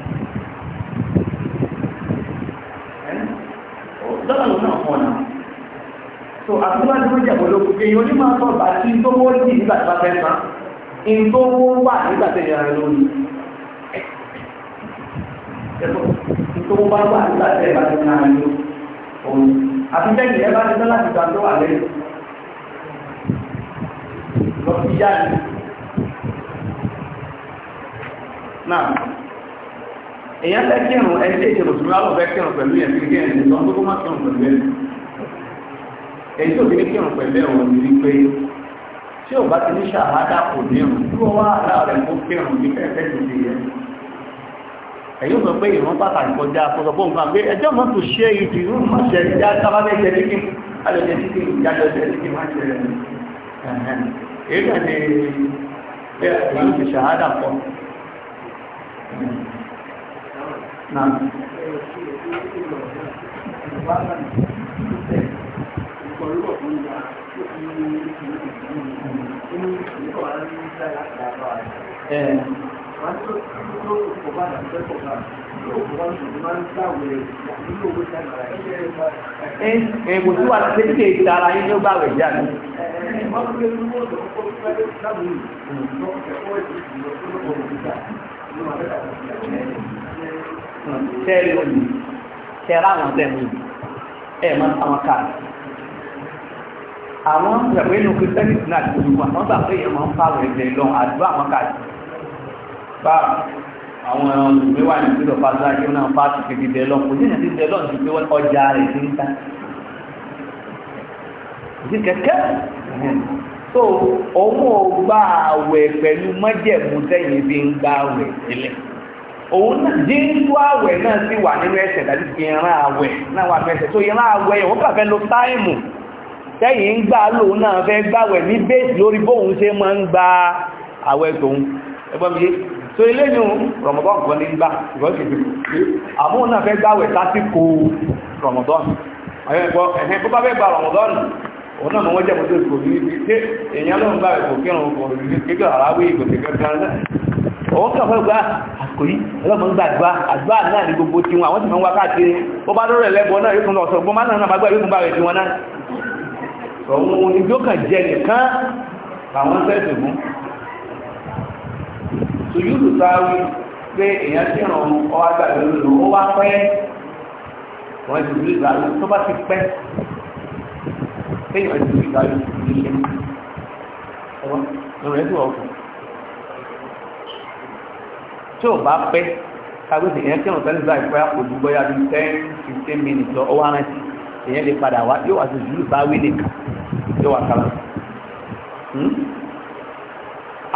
dọ́là ló náà fọ́nà so àtúbájú ló jẹ̀bọ̀ ló kù kéyìn onímọ̀ àtọ́ bá tí tó wó ní nígbà tí wọ́n fẹ́ san in tó wó wà nígbà tí ìyára rẹ̀ lórí tó wó bá wà nígbà tí ìyára rẹ̀ lórí òun àti èèyàn fẹ́ kírun ẹni tí èsè mùsùlùmí alọ́ fẹ́ kírun pẹ̀lú yẹn kí ẹni tó ń gbogbo má kírun pẹ̀lú ẹ̀ èyí tó fi ní kírun pẹ̀lú ẹ̀ wọ́n ti pé tí ò bá ti ní ṣàhádà kò ní ìrùn tí ó wá aláàrẹ̀ mú kírun ní fẹ́ẹ̀fẹ́ ti di yẹn èyí sọ pé ìran pàtàkì kọjá àkọsọ fún nǹkan pé ẹjọ́ mọ́ tó ṣe ìdí ìrú má ṣe ìdí àtàbálẹ̀ jẹ ní kí alẹ́jẹ ní kí ìjájọ jẹ ní kí má ṣe rẹ̀ èyí náà ni èyí ti ṣàhádà pọ̀ náà Èèmù tí wà ní kéèké ìtara yín ló bá rẹ̀ já ní tẹ́rì òní tẹ́rà àwọn tẹ́mù ẹ̀ máa àwọn káàkiri àwọn ìgbàgbé inú kìtẹ́lì náà ti gbogbo àwọn gbà pé èèyàn máa ń fáwọn ẹgbẹ́ lọ àdúrà àwọn káàkiri bá àwọn olùgbé wà ní ìpínlẹ̀ fásitì àti ìwọn náà fásitì kìkì bẹ́ẹ̀ lọ kò sí ìyẹn ti bẹ́ẹ̀ lọ ti pé ọjà rẹ̀ ti ń ta ìdí kẹ̀kẹ́ so òun ò gbà àwẹ̀ pẹ̀lú mọ́jẹ̀mú tẹ́yìn fi ń gbà àwẹ̀ sílẹ̀ òun náà jésù àwẹ̀ náà sì wà nínú ẹsẹ̀ dájú fi ìran àwẹ̀ náà wà fẹsẹ̀ tó ìran àwẹ̀ òun kà fẹ́ lo táìmù tẹ́yìn ń gbà lóun náà fẹ́ gbàwẹ̀ ní bẹ́ẹ̀sì lórí bóun ṣe máa ń gba àwẹ̀ tòun ẹgbọ́n mi yé so eléyìn rọmọdọ́n kan ní gbà ìwọ́n sì fi àmóhun náà fẹ́ gbàwẹ̀ sásìkò rọmọdọ́n ẹ̀hẹ́ bó bá fẹ́ gba rọmọdọ́n òun náà mọ̀ wọ́n jẹ́ mọ́tò ìkòkí èèyàn lóun àráwé ìkòkí kẹ́kẹ́ ọwọ́ kàfẹ́ gba àsìkò yìí ọlọ́mọdún gba àdúrà àdúrà náà ní gbogbo tiwọn àwọn tí wọ́n wá káàkiri wọ́n bá lọ́rọ̀ ẹlẹ́bọ náà yóò tún lọ sọ̀gbọ́n má náà gbá yóò tún bá rẹ̀ tiwọn náà ọ̀hún ìjó kan jẹ nìkan làwọn fẹ́ẹ̀sì mú sùjúdù sáwí pé èèyàn ti ràn ọ àgbà lóru ó wá pẹ́ wọ́n ti rí ìgbàlú tó bá tí ò bá pẹ́ kágbèsè ìyẹn kírun tẹ́lẹ̀ báyìí pé àpòjù bóyá bíi ten fifteen minutes lọ ọwọ́ arántí ìyẹn lè padà wá yóò wá sí zulu báwí nìkan yóò wá sára hmm?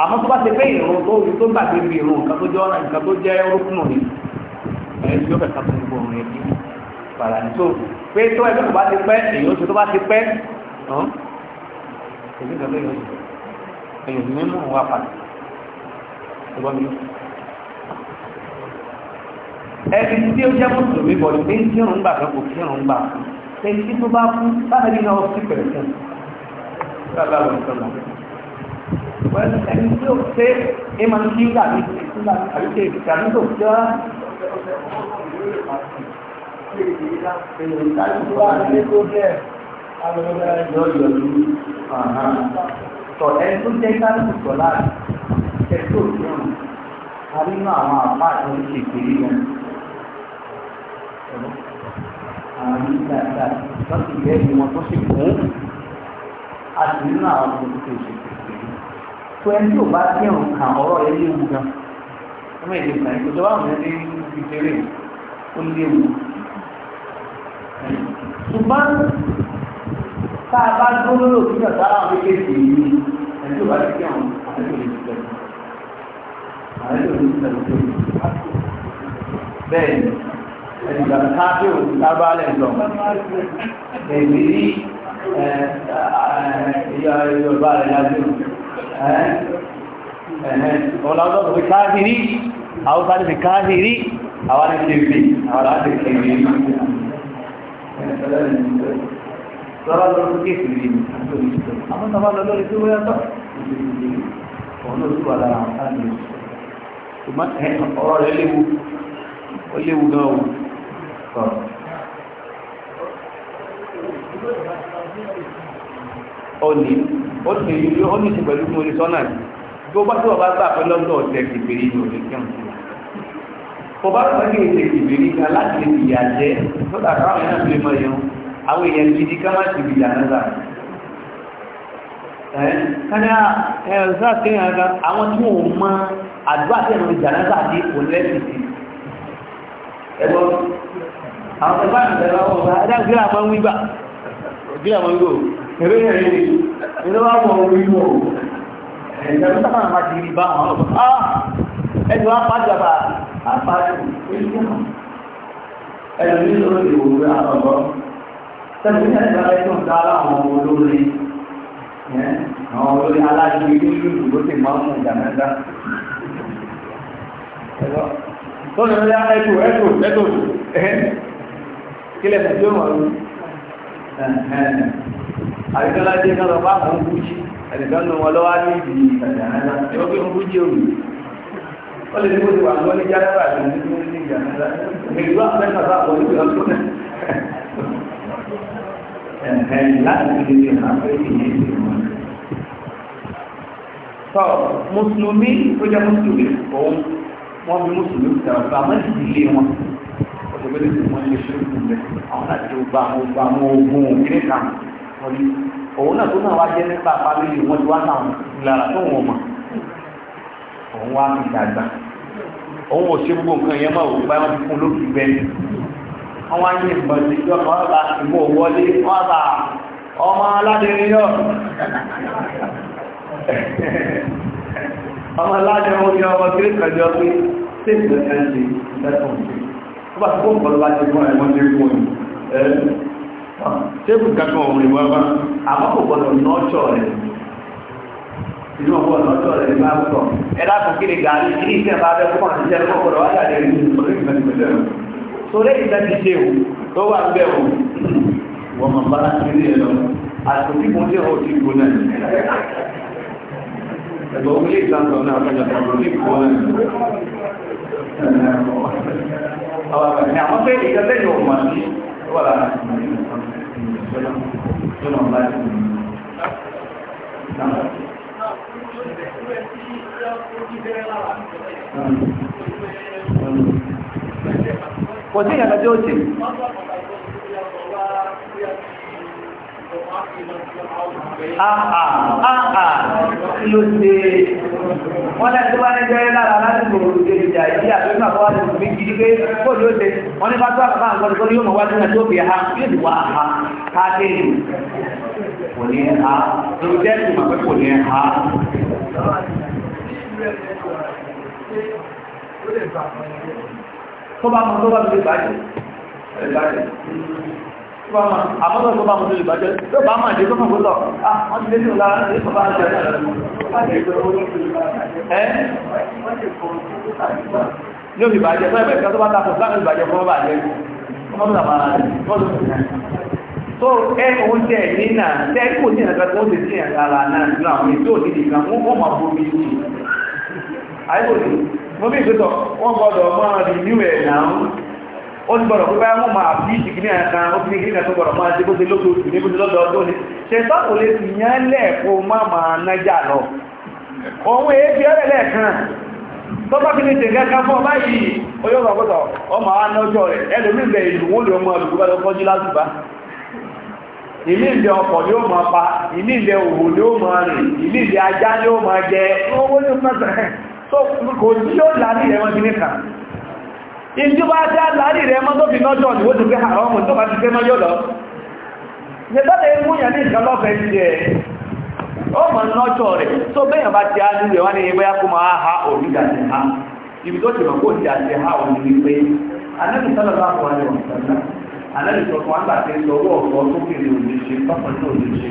àmọ́ tó bá ti pé ìrún tó rí tó gbàgbé bí ìrún nǹkan tó jẹ́ ọ̀nà nǹkan tó jẹ́ orúkún ni ẹni tí ó fẹ̀ kápẹ́ gbogbo òun ẹbí padà ní tó pé tó ẹgbẹ́ tó bá ti pẹ́ èyí oṣù tó bá ti pẹ́ èyí kan tó yẹ ẹni tí ó jẹ́ mùsùlùmí bọ̀ ní pé tí òun gbà fẹ́ kò kí òun gbà ẹni tí tó bá fún báyìí ní náà sí pẹ̀lú sábà lọ sọ́nà ẹni tí ó pé é máa ń kí ńlá ní àríkè ìtàní tó jẹ́ tọ̀ ẹni tó jẹ́ ìtàní tó láti ẹ̀tọ́ òṣèlú a nínú àwọn àpá ìṣèkèrè yẹn àwọn yìí dáadáa wọ́n sì yẹ ẹni wọn tó sì kún a sì nínú àwọn ọmọ tó ṣe tó ẹni tí ò bá kírun kan ọ̀rọ̀ rẹ léwu gan ọmọ èdè ìgbà yìí kò tó bá wọn ní ìdílé ó léwu ṣùgbọ́n tá a bá dúró lórí òfin ọ̀tá àwọn méjèèjì yìí ẹni tí ò bá kírun àti ìdílé àti ìdílé bẹ́ẹ̀ ni ẹ̀dìgbà káàkiri òtù lábálẹ̀ lọ èdè rí ìyọ̀bá rẹ̀ lábẹ́rù ọlọ́dọ̀ fi káàkiri àwọ́sá ní fi káàkiri àwọn ní kèfè àwọn láti kèfè lọ́rọ̀ lọ́rọ̀ tó kéfè rí àwọn tọ́bá lọ lórí tó wọ́yọ́tọ̀ ọ̀nà òṣùwà lára àwọn sáàlẹ̀ ọ̀rọ̀ rẹ̀ léwu ó léwu náà ó ní ó sì ní ìlú ó ní ti pẹ̀lú fún oníṣọ́nà tó bá tó ọba gbà pé lọ́dọ̀ ọ̀tẹ̀ kìbìrì ní òní kí kò bá tó ní èdè kìbìrì kan láti lè fìyà jẹ tó dà káwọn èèyàn fi lè mọ èèyàn àwọn èèyàn gidi ká má ti fìyà náà dà kánà ẹ̀rọ̀sá kéèyàn ga àwọn tí wọ́n mọ àdúrà àwọn ẹgbẹ́ àgbẹ̀rẹ̀ ọmọ ọba ẹ̀dá gíra máa ń wígbà gíra máa ń gbò ẹ̀rẹ́ ẹ̀rẹ́ ẹ̀rẹ́ wà mọ̀ orí mọ̀ ẹ̀rẹ́ tó sábà máa ti rí bá àwọn ọba ẹ̀dùn apájọba apájọ ẹ̀rọ ní lórí ìwòrán àtọ̀gbọ́ tẹ̀sí ní ẹ̀dá ẹ̀dùn dára àwọn olórí àwọn olórí aláṣẹ ní ìlú kílẹ̀ mọ̀ tí ó mọ̀ lórí àríkọ́lá jẹ́ kọ́lọ̀ bá àwọn gúújì ẹ̀nìkan nù wọn lọ́wọ́ ní ìdí ìtàjànára ẹ̀rọ pé gúújì òmì ó lè níbo ti wà lọ ní jánára àti ní ní ní ìjànára ìgbà mẹ́ta bá wọ ìgbà tó nà láti fi lè hàn pé ìyẹn ti mọ̀ tọ́ mùsùlùmí tó jẹ́ mùsùlùmí òun wọ́n fi mùsùlùmí tẹ̀ ọ̀gbà mẹ́sì ilé wọn ìṣòwòlè tí wọ́n lè ṣe òkú rẹ̀ àwọn àti ọgbà àwọn ọgbà òkèrè kan wọ́n ní òun náà tó náà wá jẹ́ nípa fámìlì wọ́n ti wá táwọn ìlara tó wọ̀n mọ̀ òun wá fi dàgbà òun ò ṣe gbogbo nǹkan yẹn mọ́ òun bá wọn ti fún lókì bẹ́ẹ̀ wọ́n wá ní ìbọn sí ìjọ kan wọ́n wọlé wọ́n ọmọ aládìrin yọ ọmọ aládìrin yọ ọmọ kéré kan jọ pé ṣé ìgbẹ́kẹ̀lé ìgbẹ́kẹ̀lé tó bá ti kó nǹkan bá ti fún ẹ̀ wọ́n ti fún ẹ̀ tébù kankan òun ìwọ ẹ̀fọ́ àmọ́ kò gbọdọ̀ nọ́ọ̀tsọ̀ rẹ̀ ìlú ọ̀pọ̀ nọ́ọ̀tsọ̀ rẹ̀ ní bá sọ ẹ̀ láti kiri gàrí kí ní ìṣẹ̀fà bẹ́ẹ̀ fún ọ̀nà ìṣẹ̀lẹ̀ kọ́kọ́rọ̀ wáyà rẹ̀ ní ìṣòro ẹ̀gbọ́n orílẹ̀-èdè náà sọ náà ọ̀pọ̀lọpọ̀ lórí ìgbọ́n náà àwọn àgbà ní àwọn pé ìjọba yóò mọ̀ sí wà lára sí ìyàgbẹ́ Àhà ah, àhà ah, ah, kí ló ṣe wọ́n lẹ́yìn tó bá ní jẹ́ lára lásìkò òṣèlú ìjà ìdí àtúntò àkọ́ wá lóṣù méjì ní pé kó ló ṣe wọ́n ní bá tó àkọ́kọ́ àwọn ọ̀dọ́ yóò mọ̀ wá sí ẹ̀tọ́ òbí ha yóò sì ha káàkiri kò ní ha lórí jẹ́sì mà kò ní ha. tó bá mọ tó bá lè àmọ́tọ̀ tó bá mọ́ tó lè bàjẹ́ tó bá máa jẹ́ tó mọ́ gbọ́tọ̀ wọ́n ti lé sí ọlá ní ọba jẹ́ ní òbí bàjẹ́ tó ẹgbẹ̀ẹ́ tó bá tàkù láàrín ìbàjẹ́ fún ọba jẹ́ tó ẹ òun jẹ́ nínà tẹ́ kò ní ẹ̀ka tó ti sí ẹ̀ka ara náà nínú àwọn ètò òdìdì kan mú ó máa bomi sí àìkò ní mo bí ìgbésọ̀ wọ́n gbọ́dọ̀ máa rí níwẹ̀ náà ó ní gbọ́dọ̀ pípẹ́ wọ́n máa bí ìgbìmí ẹ̀ka a gíríkà tó gbọ́dọ̀ máa ṣe bó ṣe lóṣooṣù ní bó ṣe lọ́dọọdún ni ṣe sọ́kò lè fi yán lẹ́ẹ̀kọ́ má máa nájà lọ òun èé fi ọ́rẹ̀ lẹ́ẹ̀kan ní ṣe fún ọba ìjú bá dá láàrí rẹ mọ́ tó fi lọ́jọ́ ní wójú pé àwọn ọmọ tó bá ti fẹ́ mọ́ yóò lọ ìgbẹ́tọ́lẹ̀ múyàn ní ìgbẹ́lọ́fẹ́ jẹ́ ó mọ̀ lọ́jọ́ rẹ̀ tó bẹ́yàn bá ti á nílẹ̀ wá ní ẹgbẹ́ kó máa ha òní àti ha ibi tó ti mọ̀ kó ti àti ha òní ní pé anẹ́lì sọ́lọ̀ bá wà ní ọ̀sán anẹ́lì sọ fún àgbà tí sọ owó ọ̀pọ̀ tó kéré òní ṣe pápá ní òní ṣe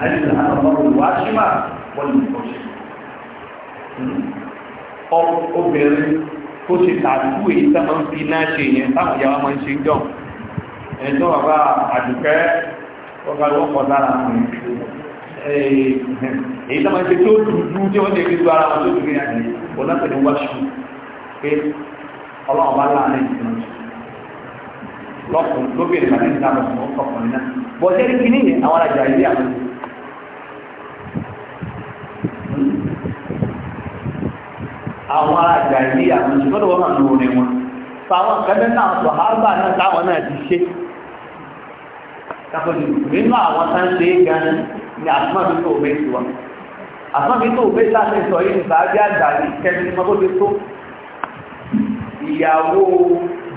anẹ́lì sọ́lọ̀ bá wà ṣímà wọ́n ní ọ̀ṣẹ́ kó ṣe tàbí èyí tá máa ń fi iná ṣe yẹn táwọn ìyàwó máa ń ṣe jọ ẹni tó wà bá àdùkẹ́ ọgbà ló pọ̀ lára wọn èyí tá máa ń ṣe tó dúdú tí wọ́n ti fi tó ara wọn tó dúdú yàtọ̀ wọn láti ní wáṣù pé ọlọ́run bá láàrin ìsinmi lọ́kùnrin lóbìnrin àwọn àgbà ilé àwọn ìṣẹ́lẹ̀ wọ́n nù orin wọn fàwọn kẹ́lẹ́ náà sọ hábà náà táwọn náà ti ni àtúmọ̀bí tó òbẹ́ sí wa àtúmọ̀bí tó òbẹ́ sáfẹ́ sọ yìí nípa bí àgbà ní kẹ́lẹ́ mọ́ bó ti tó ìyàwó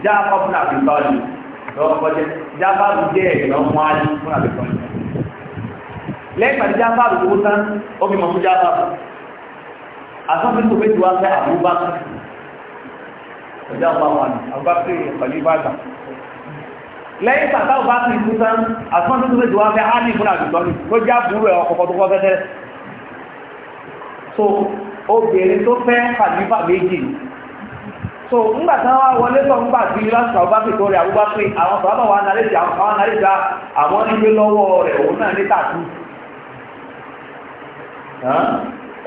jáfà fún àbíkọ́lì lọ́kọ́jẹ́ jáfà jẹ́ ẹ̀rọ mọ́ fún àbíkọ́lì lẹ́gbàá jáfà lówó tán ó fi fún jáfà asọ́fin tó bẹ́ẹ̀ tí wá fẹ́ Abubakar ọjọ́ àbáwọn àná Abubakar pẹ̀lú ìbàdàn lẹ́yìn tàbí àwọn bá ti kú tán àtúntò tó fẹ́ jù wá fẹ́ á ní ìfúnà àjùtọ́ ní ló já burú ẹ̀ ọkọ̀ tó kọ́ so obìnrin tó fẹ́ kàlífà méjì so ńgbà tán wá wọlé tán ńgbà tí lásìkò àwọn bá fi tó rẹ̀ àwọn bá pé àwọn sọ̀rọ̀ wà nálé jà àwọn nálé jà àwọn nígbé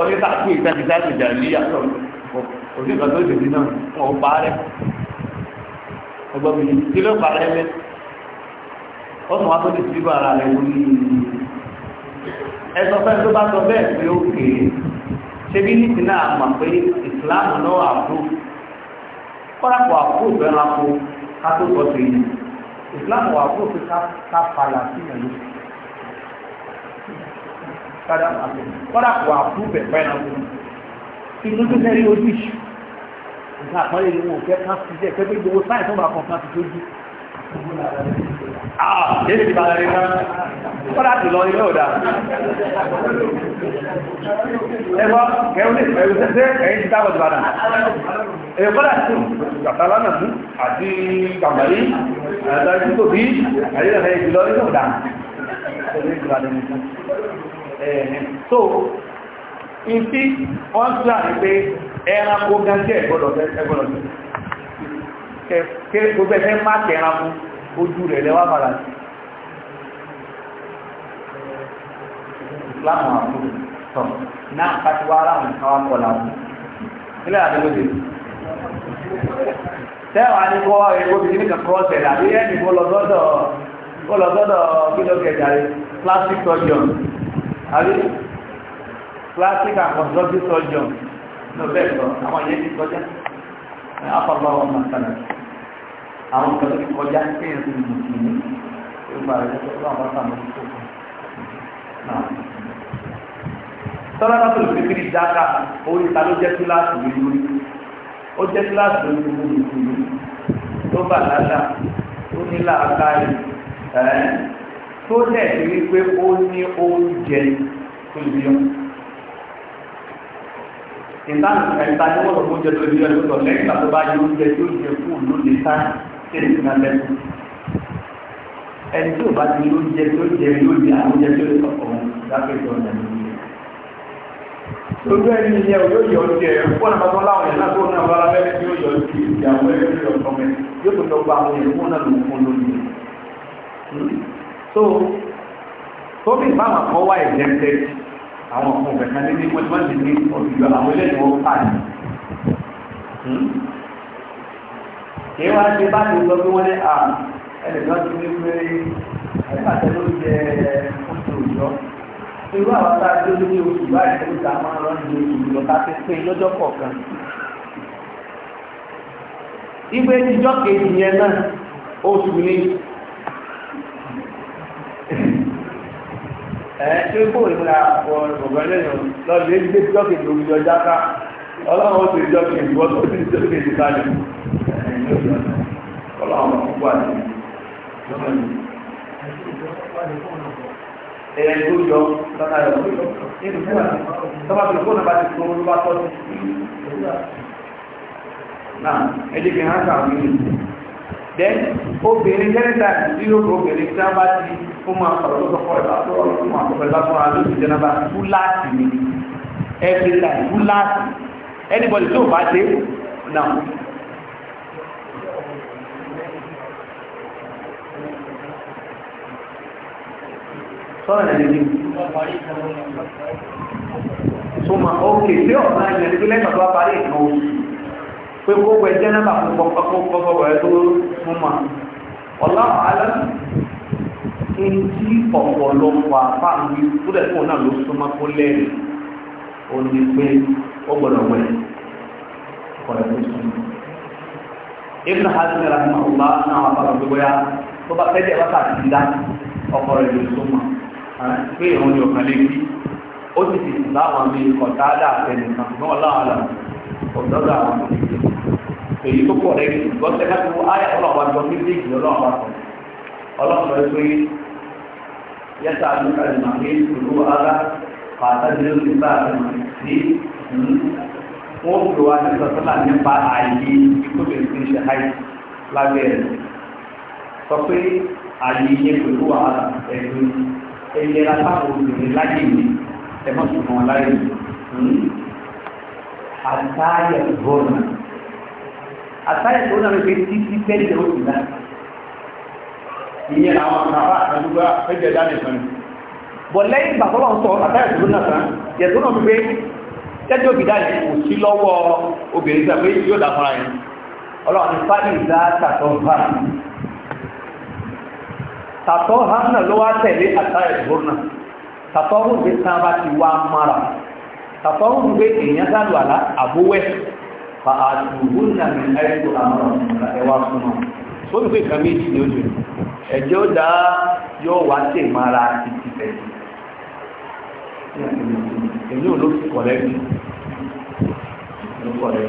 ọdún tá a pè ìtajà ìjà ní yàtọ̀ òsì kan tó lè di náà wọn ò parẹ́ ọgbọ́n mi ti ló parẹ́ lẹ́ ọ̀sán wa tó lè ti bá ara rẹ̀ wọ́n ní ẹ̀sọ́ fẹ́ tó bá sọ bẹ́ẹ̀ pé ó kè ṣe bí ní ti náà mọ̀ pé ìsìláàmù náà àbúrò kọ́lápọ̀ àbúrò fẹ́ràn kó ká tó sọ sí ìsìláàmù àbúrò fi ká padà sí ìyàlóṣù padà àpò kọ́dà kò àpúrúfù ẹ̀pá ẹ̀nà wọn inú tó fẹ́ẹ́ rí ojú ìṣù nǹkan àpọ́nlé ni wọn ò fẹ́ kán sí jẹ́ pé pé gbogbo sáyẹ̀nsì wọn bá kàn kán sí tó jù. Èyí ti ah, bàrẹ̀ náà kọ́dà tó lọ ilé ọ̀dà. Ẹ̀wọ́ kẹ́rù lè fẹ́ ṣẹ́ṣẹ́ ẹ̀yìn ti dáwọ̀ ìbàdàn. Ẹ̀yọ́ kọ́dà tó gbàtàlá náà mú àti gàmbàrí àti àti tó bí àyẹ̀lẹ̀ ìjùlọ ilé ọ̀dà. Ẹ̀yọ́ ìjùlọ ẹ̀ẹ̀mí so ìfí wọ́n tí à ní pé ẹranko gánjẹ́ ẹ̀gbọ́dọ̀ gbogbo ẹ̀fẹ́ má kẹranko ojú rẹ̀ lẹ́wà padà sí láwọn àbúrò tọ̀ náà pàtí wá láwọn ìkáwà kọlà mú ilẹ̀ àdúgbòdè tẹ́wàá ní kọ́ ẹgbẹ́ obìnrin nìkan kọ́ ọ̀sẹ̀ àbí ẹni kó lọ sọ́dọ̀ kí lọ́kẹ̀ẹ́jà plastic surgeon àbí plastic and constructive surgeon ló bẹ́ẹ̀ sọ àwọn ìyẹn ti kọjá afọ́gbọ́ wọn máa sára àwọn ìkan tó ti kọjá kéèyàn tó ti mùsùn ní ó gbà rẹ̀ lọ́wọ́ àwọn sàmọ́ tó kọ. sọ́lá náà tó lè fi kiri dáka orí ta tó dẹ̀ ti rí pé ó ní oúnjẹ tó lè yọ. ìtàn ẹ̀ta ni wọ́n lọ oúnjẹ tó lè yọ lọ́dọ̀ lẹ́yìn tó bá yẹ oúnjẹ tó yẹ fún ló lè sá sí ìsinmi lẹ́nu. ẹni tí ò bá ti oúnjẹ tó jẹ yóò di àwọn oúnjẹ tó lè sọ̀kọ̀ wọn lápẹ́ tó ọ̀nà ní ilé. lójú ẹni yẹn o yóò yọ oúnjẹ fún ọ̀nà bàbá láwọn yẹn láti ọ̀nà bàbá bẹ́ẹ̀ tí yóò yọ oúnjẹ ìyàwó ẹgbẹ́ yóò tó lọ gba àwọn yẹn fún ọ̀nà lòun fún lónìí so tóbi báwọn kan wá ìjẹ́ńtẹ́ àwọn kan bẹ̀ka ní ní wọ́n ti ní ọ̀dùjọ àwọn eléyìí wọ́n pàdé hmm? kí wọ́n ti bá ti sọ pé wọ́n ní à ah, ẹnìkan ti ní pé ẹ̀ka ló jẹ oṣù òjọ́ irú àwọn tá a ti lójú ní oṣù báyìí tó ta máa ń rán ní oṣù òjò ká ti pín lọ́jọ́ kọ̀ọ̀kan ìgbé ìjọ kejì yẹn náà oṣù ní ẹ̀ tí ó kó ìmúra ọ̀gbẹ́lẹ́yìn lọ́dún èyí gbé jọ́kì lórí ọjà ká ọlọ́run ó ti jọ́kì ìwọ́n tó ti jọ́kì ìdíkalẹ̀ ọlọ́run púpọ̀ àti ẹ̀yẹ tó jọ lọ́nà ẹ̀rọ nínú fúnra tọ́ba tó fóònù bá ti tó olú bá tọ́ sí. náà ẹ jẹ́ kí n hàn sáà mí then obìnrin jẹ́nẹ́ta tí ó bọ̀ obìnrin tí wọ́n bá ti fún máa sọ̀rọ̀ lọ́sọ̀ fọ́ ẹ̀bá tó rọ̀ fún àwọn ọ̀pẹ̀lá fún àwọn olóòtú jẹ́nẹ́ta fúláàtì ni every time fúláàtì anybody tó bá dé now sọ́rọ̀ ẹ̀ lẹ́yìn tó máa ókè tí ọ̀nà ìrìnàjò lẹ́gbàá tó bá parí ìkan oṣù pé kó wẹ jẹ́ náà kó kọ́kọ́ rẹ̀ tó mú ma ọ̀làwọ̀ alẹ́ kí n tí ọ̀pọ̀lọpọ̀ apá mi tó dẹ̀ fún náà ló súnmọ́ kó lẹ́rìí ó ní pé ó gbọ́dọ̀ wẹ̀ ọ̀rẹ́ tó súnmọ́. ibùdó hajj rahman ọba náà wà bàbá gbogbo ya tó bá fẹ́ẹ́ jẹ́ bá tàbí dídá ọkọ̀ rẹ̀ ló súnmọ́ pé ìrún ni ọ̀kan lè kí ó sì sì láwọn mi kọ̀tá dáa fẹ́ nìkan ṣùgbọ́n èyí tó pọ̀ rẹ̀ kì í gbọ́ sẹ́ká tó ayé ọlọ́ọ̀bá jọ méjèèjì ọlọ́ọ̀bá sọ ọlọ́ọ̀bá yẹ pé yẹta àdúgbò àti màmí ìlú ara pàtàkì ló ti bá àdúgbò sí wọn fi wá ní sọ́sọ́là nípa ààyè ìkókè tí ń ṣe háì lábẹ́ ẹ̀ sọ pé ààyè yẹn pẹ̀lú wàhálà ẹ̀dù ẹ̀yẹra táwọn obìnrin láyé mi ẹ̀mọ́sùn wọn láyé àtàyẹ̀ bọ́ọ̀nù àtàyẹ̀ tó náà fi títí tẹ́lẹ̀ ó ti náà ìyẹn àwọn àbá àdúgbà ẹgbẹ̀ dání fún mi bọ̀ lẹ́yìn ìgbà tọ́lọ̀ ń sọ àtàyẹ̀ tó náà tán yẹ̀tọ́ náà fi pé tẹ́jọ́ òbí dání kò sí lọ́wọ́ obìnrin tàbí yóò dá fúnra yẹn ọlọ́run ní fáìlì ìdá tàtọ́ bá tàtọ́ ha náà ló wá tẹ̀lé àtàyẹ̀ tó náà tàtọ́ hùn pé tán bá ti wá mára tàtọ́ hùn pé èèyàn sálù àlá àbówẹ́ fa àtùhúnnà ní àìkò àmọ́ ẹwà fún wọn ó ń pè kan méjì ní ojú ẹ̀jẹ̀ ó dá yóò wá sí ìmọ̀ra títí bẹ̀rẹ̀ èmi ò ló fi kọ̀lẹ́ bí ló kọ̀lẹ́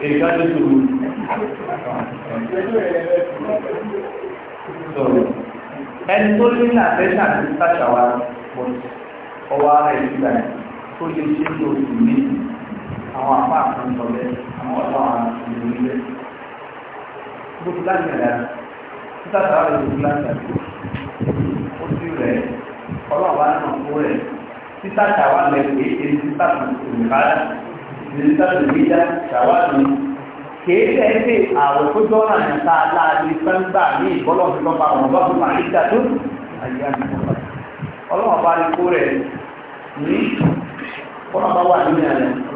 bí èyí ká tó ní àfẹ́ṣà ti sáṣà wa ọwọ́ tó lè ṣe tó sì àwọn apá kan sọ bẹ́ẹ̀ àwọn ọ̀dọ́ àwọn ìlú níbẹ̀. gbogbo láti ẹ̀dá títà sára lè gbogbo láti ẹ̀dá ó sì rẹ̀ ọlọ́ọ̀bá náà kó rẹ̀ títà sára lè pé èyí títà kan òun bára èyí títà kan òun yá sára lè kèé tẹ́lẹ̀ àwọn tó dọ́là ní ta láàrin sẹ́ńgbà ní ìbọ́lọ̀ tó lọ́pàá àwọn ọba tó máa ń dà tó àyíká ní ọba ọlọ́wọ́ bá kó rẹ̀ ní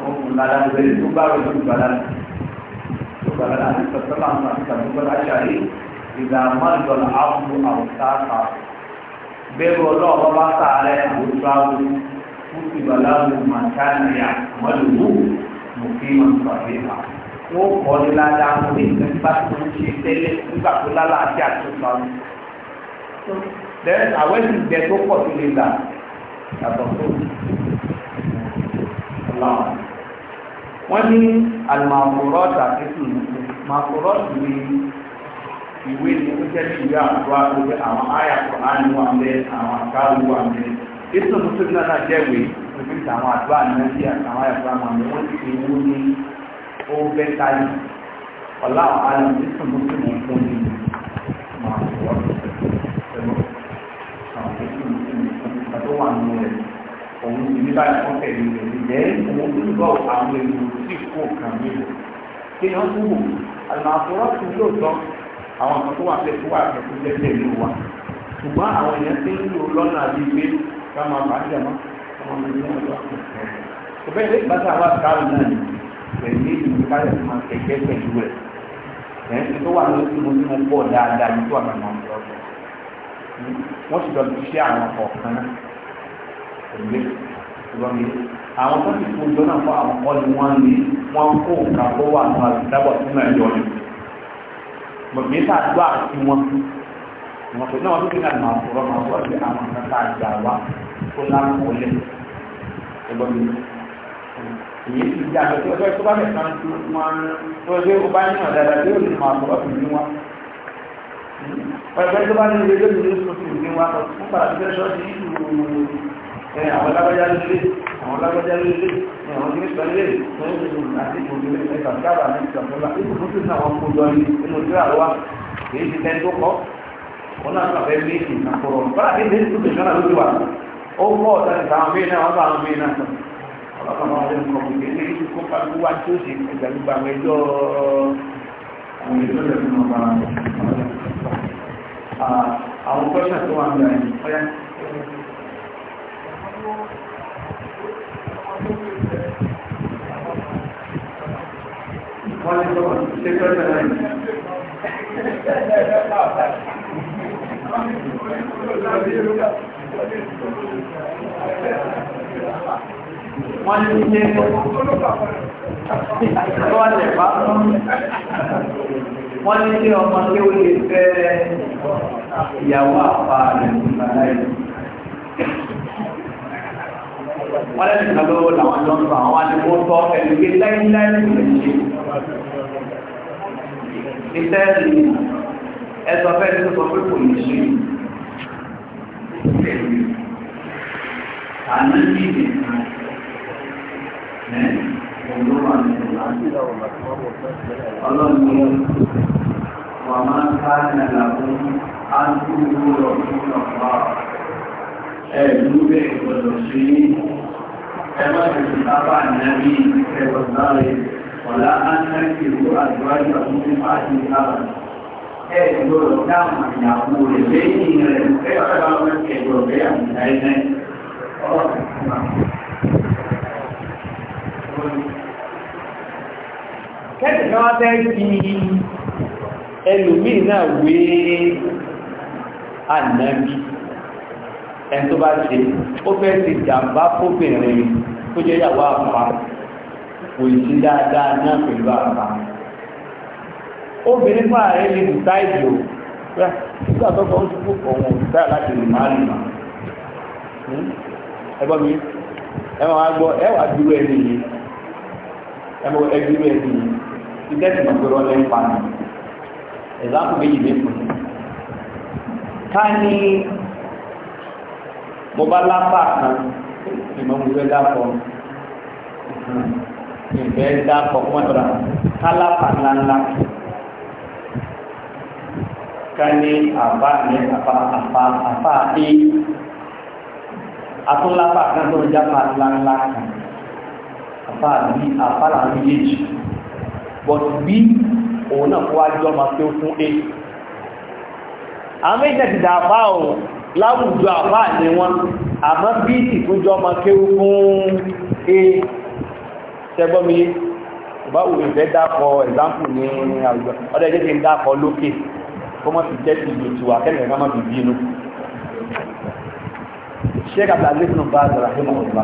ọmọ ńlára lórí tó bá rẹ̀ lórí gbàlá tó gbàlá láti sọ̀tọ́ máa ń sọ àti àbúgbọ́lá ṣàrí ìgbà mọ́jọ́lá áwùjọ àwùjá kà bẹ́ẹ̀ ọlọ́ọ̀bá bá sàárẹ̀ àwùjọ àwùjọ fún ìgbàlá òun màtánìyà mọ́lùmú mùkí màtàbíyà wọ́n kọ́ ní ládàá mú ní nígbà tó ń ṣe tẹ́lẹ̀ nígbà tó lálàá àti àtúntò àwọn. àwọn ẹ̀sìn ìgbẹ́ tó pọ̀ sí lè gbà yàtọ̀ tó wọ́n ní alimakurọ́ọ̀tì àti sùnmùsùn makurọ́ọ̀tì ni ìwé ni ó jẹ́ bí ìwé àdúrà tó jẹ́ àwọn àyà kan á ní wọn bẹ àwọn àkáwù wọn bẹ ètò mùsùlùmí náà jẹ́ ìwé níbi àwọn àdúrà náà sí àtàwọn àyà wọ́n ti fi wú ní ó bẹ́ táyì ọ̀la àwọn ètò mùsùlùmí fún mi. òun ti ní báyìí wọ́n tẹ̀lé ìrẹ̀lẹ̀ lẹ́yìn òun tó ń bọ̀ àwọn èèyàn sì kó nǹkan mi lò kí wọ́n tún wò àlùmọ̀tòrọ́ tún yóò tọ́ àwọn kan tó wà fẹ́ tó wà fẹ́ tó lẹ́sẹ̀ ló wà ṣùgbọ́n àwọn èèyàn ti ń lò lọ́nà àbí pé ká máa bá jẹ̀ mọ́ àwọn ọmọ ìlú ọjọ́ kò bẹ́ẹ̀ lè gbàtà wà káàrù ní mo pọ̀ dáadáa ní tó náà lọ́wọ́ wọ́n ẹgbẹ́ ìgbọ́n mi àwọn tó ti fún ìjọ náà fún àwọn ọ̀nì wọn ni wọ́n kó nǹka tó wà nù àdìdábọ̀ tó náà yọ ni mọ̀mí sàdúrà àti wọn wọn tó náà wọn tó ti náà máa sọ̀rọ̀ máa sọ̀rọ̀ sí àwọn nǹkan tá a gbà wá tó lákòó lẹ̀ ẹgbọ́n èyí ti di àgbẹ̀ tí ọjọ́ ìtọ́ba mẹ́sàn-án tí wọ́n tó ṣe ó bá yín ọ̀dà àti yóò lè máa sọ̀rọ̀ sí ní wọn. ọ̀rẹ́ pẹ́ẹ́n tó bá ní ilé lónìí ló sọ ní wọn sọ fún padà ẹ̀ àwọn lábẹ́já lélẹ̀ àwọn lábẹ́já lélẹ̀ ẹ̀ àwọn tí nípa lélẹ̀ wọ́n ń gbèsè àti ìgbòdì lẹ́sẹ̀ ìgbàgbà ní ìgbàgbọ́lá nínú tó ti náà wọn kó lọ ní inú ìgbà wa kì í ti tẹ́ tó kọ́ wọn náà kà fẹ́ méjì àkọrọ̀ bára kí ní tó tẹ̀sán náà lójú wa ó mọ̀ ọ̀tá ti ta àwọn mí náà wọ́n bá àwọn mí náà sọ ọlọ́pàá máa lé nǹkan kò ní kí kó ká wá tí ó sì ìgbàlúgba àwọn ẹjọ́ àwọn ẹjọ́ rẹ̀ fún ọba àwọn kọ́ṣà tó wà ń gbà yìí Wọ́n ní ṣe ọmọ tí ó lè fẹ́ ìyàwó àpá rẹ̀ nígbàláyé wọ́n lẹ́nu kan lówó làwọn jọ ń sọ àwọn àdìgbò tọ́ ẹ̀lú gbé láíláí kò lè ṣe iṣẹ́ ẹ̀sọ́ fẹ́ tó sọ pé kò lè ṣe àná ní ìdìkan Ọlọ́run wà máa ń ká ní àlàbó, á ń kúrò ẹ̀lú bẹ́ẹ̀ gbọdọ̀ ṣe ní ẹmọ́ ìrìn bàbá nàbí ẹgbọ̀nsáre ọ̀lá ánákìrò àdúrájú àtúntí pàtí ìlànà ẹ gbọdọ̀ dáhùn ìyàwó rẹ̀ lẹ́yìn rẹ̀ ẹgbẹ̀rẹ̀ ọmọ ẹgbẹ̀rẹ̀ ọ̀bẹ̀ àmì láìláì kẹ́kẹ̀ẹ́ wá fẹ́ fi ẹlòmíì náà wé ànábì ẹni bá ṣe ó fẹ́ ti jàǹbá fóbìnrin tó jẹ́ ìyàwó àpá kò sí dáadáa náà pẹ̀lú àpá obìnrin fún ààrẹ lè dùtá ìdìbò rẹ ń sùkú ọ̀hún òdùtá láti lè hmm? máa lè máa ẹgbọ́n mi dúró ẹni yìí ẹni yìí ti tẹ́sí mọ̀ pé ń mo bá lápá kan ìmọ̀ mo fẹ́ dápọ̀ ìfẹ́ dápọ̀ mọ́tòrà kálápà ńláńlá ká ní àbá ní àpá àpá àpá é atúnlápà kan tó ń jápa ńláńlá kan àpá àbí àpá làwọn méjèèjì bọ̀tù bí òun náà kó wájú ọmọ pé ó fún é àwọn méjèèjì dàbá òun láwùjọ àbá ní wọn àmọ́ bí ìtìkújọ ọmọ kéwú fún e tẹgbọ́mí bá wù ìfẹ́ dákọ̀ ẹ̀zámpù ní àwùjọ ọdẹ jẹ́ ti ń dákọ̀ lókè kó mọ́ ti jẹ́ ti ìlòtù akẹ́kẹ̀ẹ́ ká mọ́ ti bínú sheik abdulaziz nù bá rahim ọ̀gbà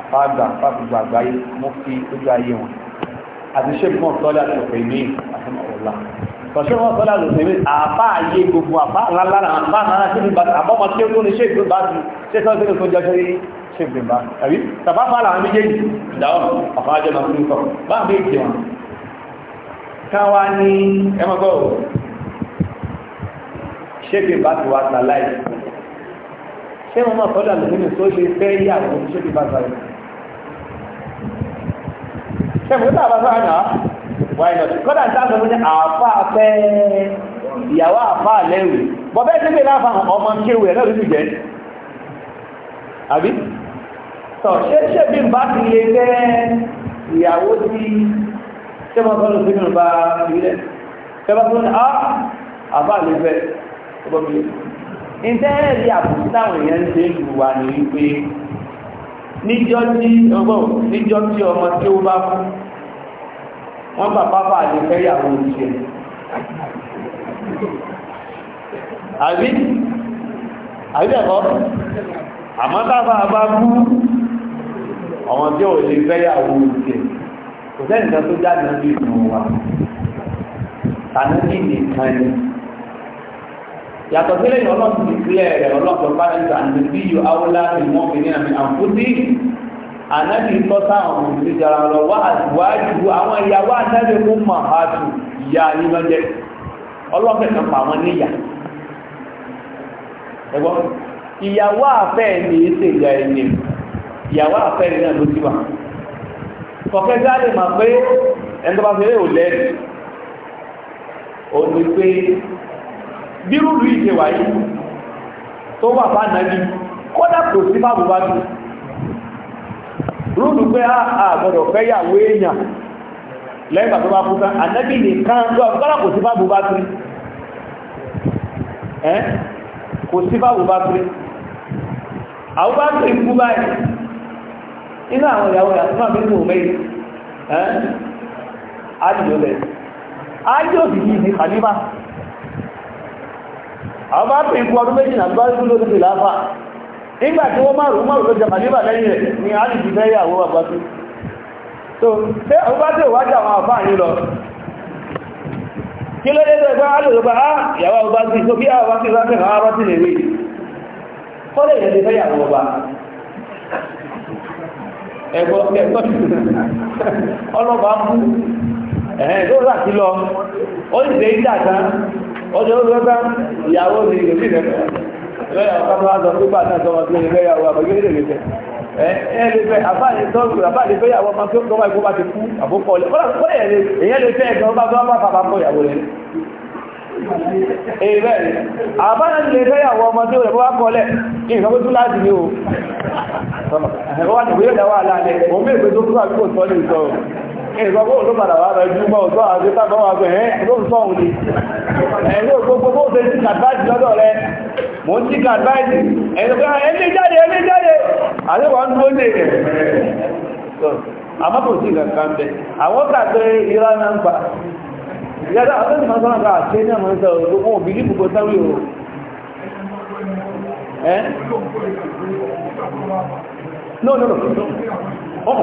àfáàgbà fàgbùgbà àgbáyé mú fi ojú ayé wọn àti sheik mọ̀ tọ́lá àti ọ̀pẹ̀ ìmí àfihàn ọ̀la ọ̀ṣọ́ wọn sọ́lá lò sí àpá ayé gbogbo àpá ńláńlá àpá náà sí ìgbà àbọ́mọ tí ó tó ní ṣéèkì bá ti ṣe sọ́ sí ìgbà jọ sí ṣéèkì bá àbí tàbá fà láwọn méjèèjì ìdáwọ̀ ọ̀fà ajọ́ náà fún ìkọ̀ bá ń bèèjì wọn káwá ní ẹmọgọ́ ṣéèkì bá ti wá ta láì ṣé wọn máa sọ́lá lò ṣe fẹ́ yàwó ṣéèkì bá why not kọ́dà ń sáàsọ̀ ní àfá afẹ́ ìyàwó àfá lẹ́rù bọ̀bẹ́ sí pé láfà ọmọ kéwù ẹ̀ lọ́rùn jẹ́ àbí tọ̀ ṣe ṣe bí bá ti lè jẹ́ ìyàwó tí ṣe mọ́ sọ́rọ̀ sí nínú bá ilẹ̀ ṣẹba tó ní àfá lè fẹ́ ọgbọ́gbọ́ ìtẹ́ẹ̀rí àbùkù táwọn èèyàn ń ṣe lù wà ní wípé níjọ́ tí ọmọ tí ó bá fún wọ́n bà pápá àdìfẹ́ ìyàwó òṣìṣẹ́ àbí àbí ẹ̀kọ́ àmọ́ tábà bá kú ọmọ tí ò lè fẹ́ ìyàwó òṣìṣẹ́ kò sẹ́ni kan tó jáde ní ìlú wa tàbí nìkan ni yàtọ̀ sílẹ̀ ìrọ̀lọ́sìn ìpínlẹ̀ rẹ̀ ọlọ́pàá bá ń gbà ní bí yóò áwọ́lá ìmọ̀ ànábì tọ́ta àwọn olùdíjára lọ wá àdúwájú àwọn ìyàwó ànábì kó mọ̀ àtù ìyá nílọ́jẹ́ ọlọ́fẹ́ kan pa àwọn níyà ẹgbọ́n ìyàwó àfẹ́ ní ṣe ìyá ẹni ìyàwó àfẹ́ ní náà ló ti wà kọ̀kẹ́ jáde mà pé ẹni tó bá fi rí ò lẹ́rìí ó pé bírúurú ìṣe wáyé tó wà bá nàbí kódà kò sí bá bùbá dùn rúdù pé àgbọ̀dọ̀ ah, fẹ́ yàwó èèyàn lẹ́gbà tó bá fúnká ànẹ́bì nìkan tó àgbọ́dọ̀ kò sí báàbù bá kiri ẹ́ kò sí báàbù bá àwọn bá kú báyìí inú àwọn ìyàwó àwọn bá kú ọdún nígbà tí wọ́n márùn márùn ló jẹba nígbà lẹ́yìn rẹ̀ ni a nìbí fẹ́ yàwó àgbàtí so pé àgbà tí ó wájà àwọn àfáà yìí lọ kí ló dédé ẹgbẹ́ alòrùgbà á yàwó àgbàtí tó kí àwọn àgbàtí láti rán àgbàtí lè rí kọ́lẹ̀ yẹn lè fẹ́ yàwó ọba ẹgbọ́ ẹgbọ́ ọlọ́ba kú ẹ̀hẹ́n tó rà sí lọ ó lọ́yà ọ̀pọ̀lọpọ̀ wá sọ nígbà náà sọ wọn pé ìlẹ́yàwó àbọ̀gẹ́lẹ́ lè fẹ́ ẹ lè fẹ́ àbáyé tọ́jú àbáyé fẹ́ yàwó ọmọ tó gbọ́mọ ìkó bá ti kú àbókọ́ lẹ̀ kọ́lá èyàn lè fẹ́ ẹ̀gbọ́n ọba tó wá fàfà kọ́ ìyàwó rẹ̀ èyí bẹ́ẹ̀ ni àbáyé lè fẹ́ yàwó ọmọ tó rẹ̀ wá kọ́ lẹ̀ kí nǹkan tó láti ní o wọ́n ti gbé ìrọ̀gbọ́ ló padà wà rẹ̀ jú mọ́ ọ̀tọ́ àti tàbí wà pé ni ẹ̀lú gbogbo bó ṣe ti kàdbáìsì lọ́dọ̀ rẹ̀ mo ń ti kàdbáìsì ẹ̀lẹ́gbẹ́ ẹni jáde ẹni jáde àríwá ń dúró lè rẹ̀ àmọ́kò sí kankan bẹ àwọn kàtẹ́ ìrà náà ń pa ìyáda àwọn ìmọ̀ sọ́nà ká àti ẹni àmọ́ sọ gbogbo òbí ní gbogbo sáwì o ẹ́ no no no ọmọ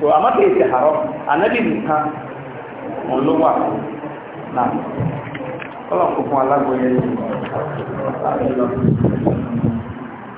so àmọ́ kìí ṣe àárọ̀ ka nìkan òun na wà náà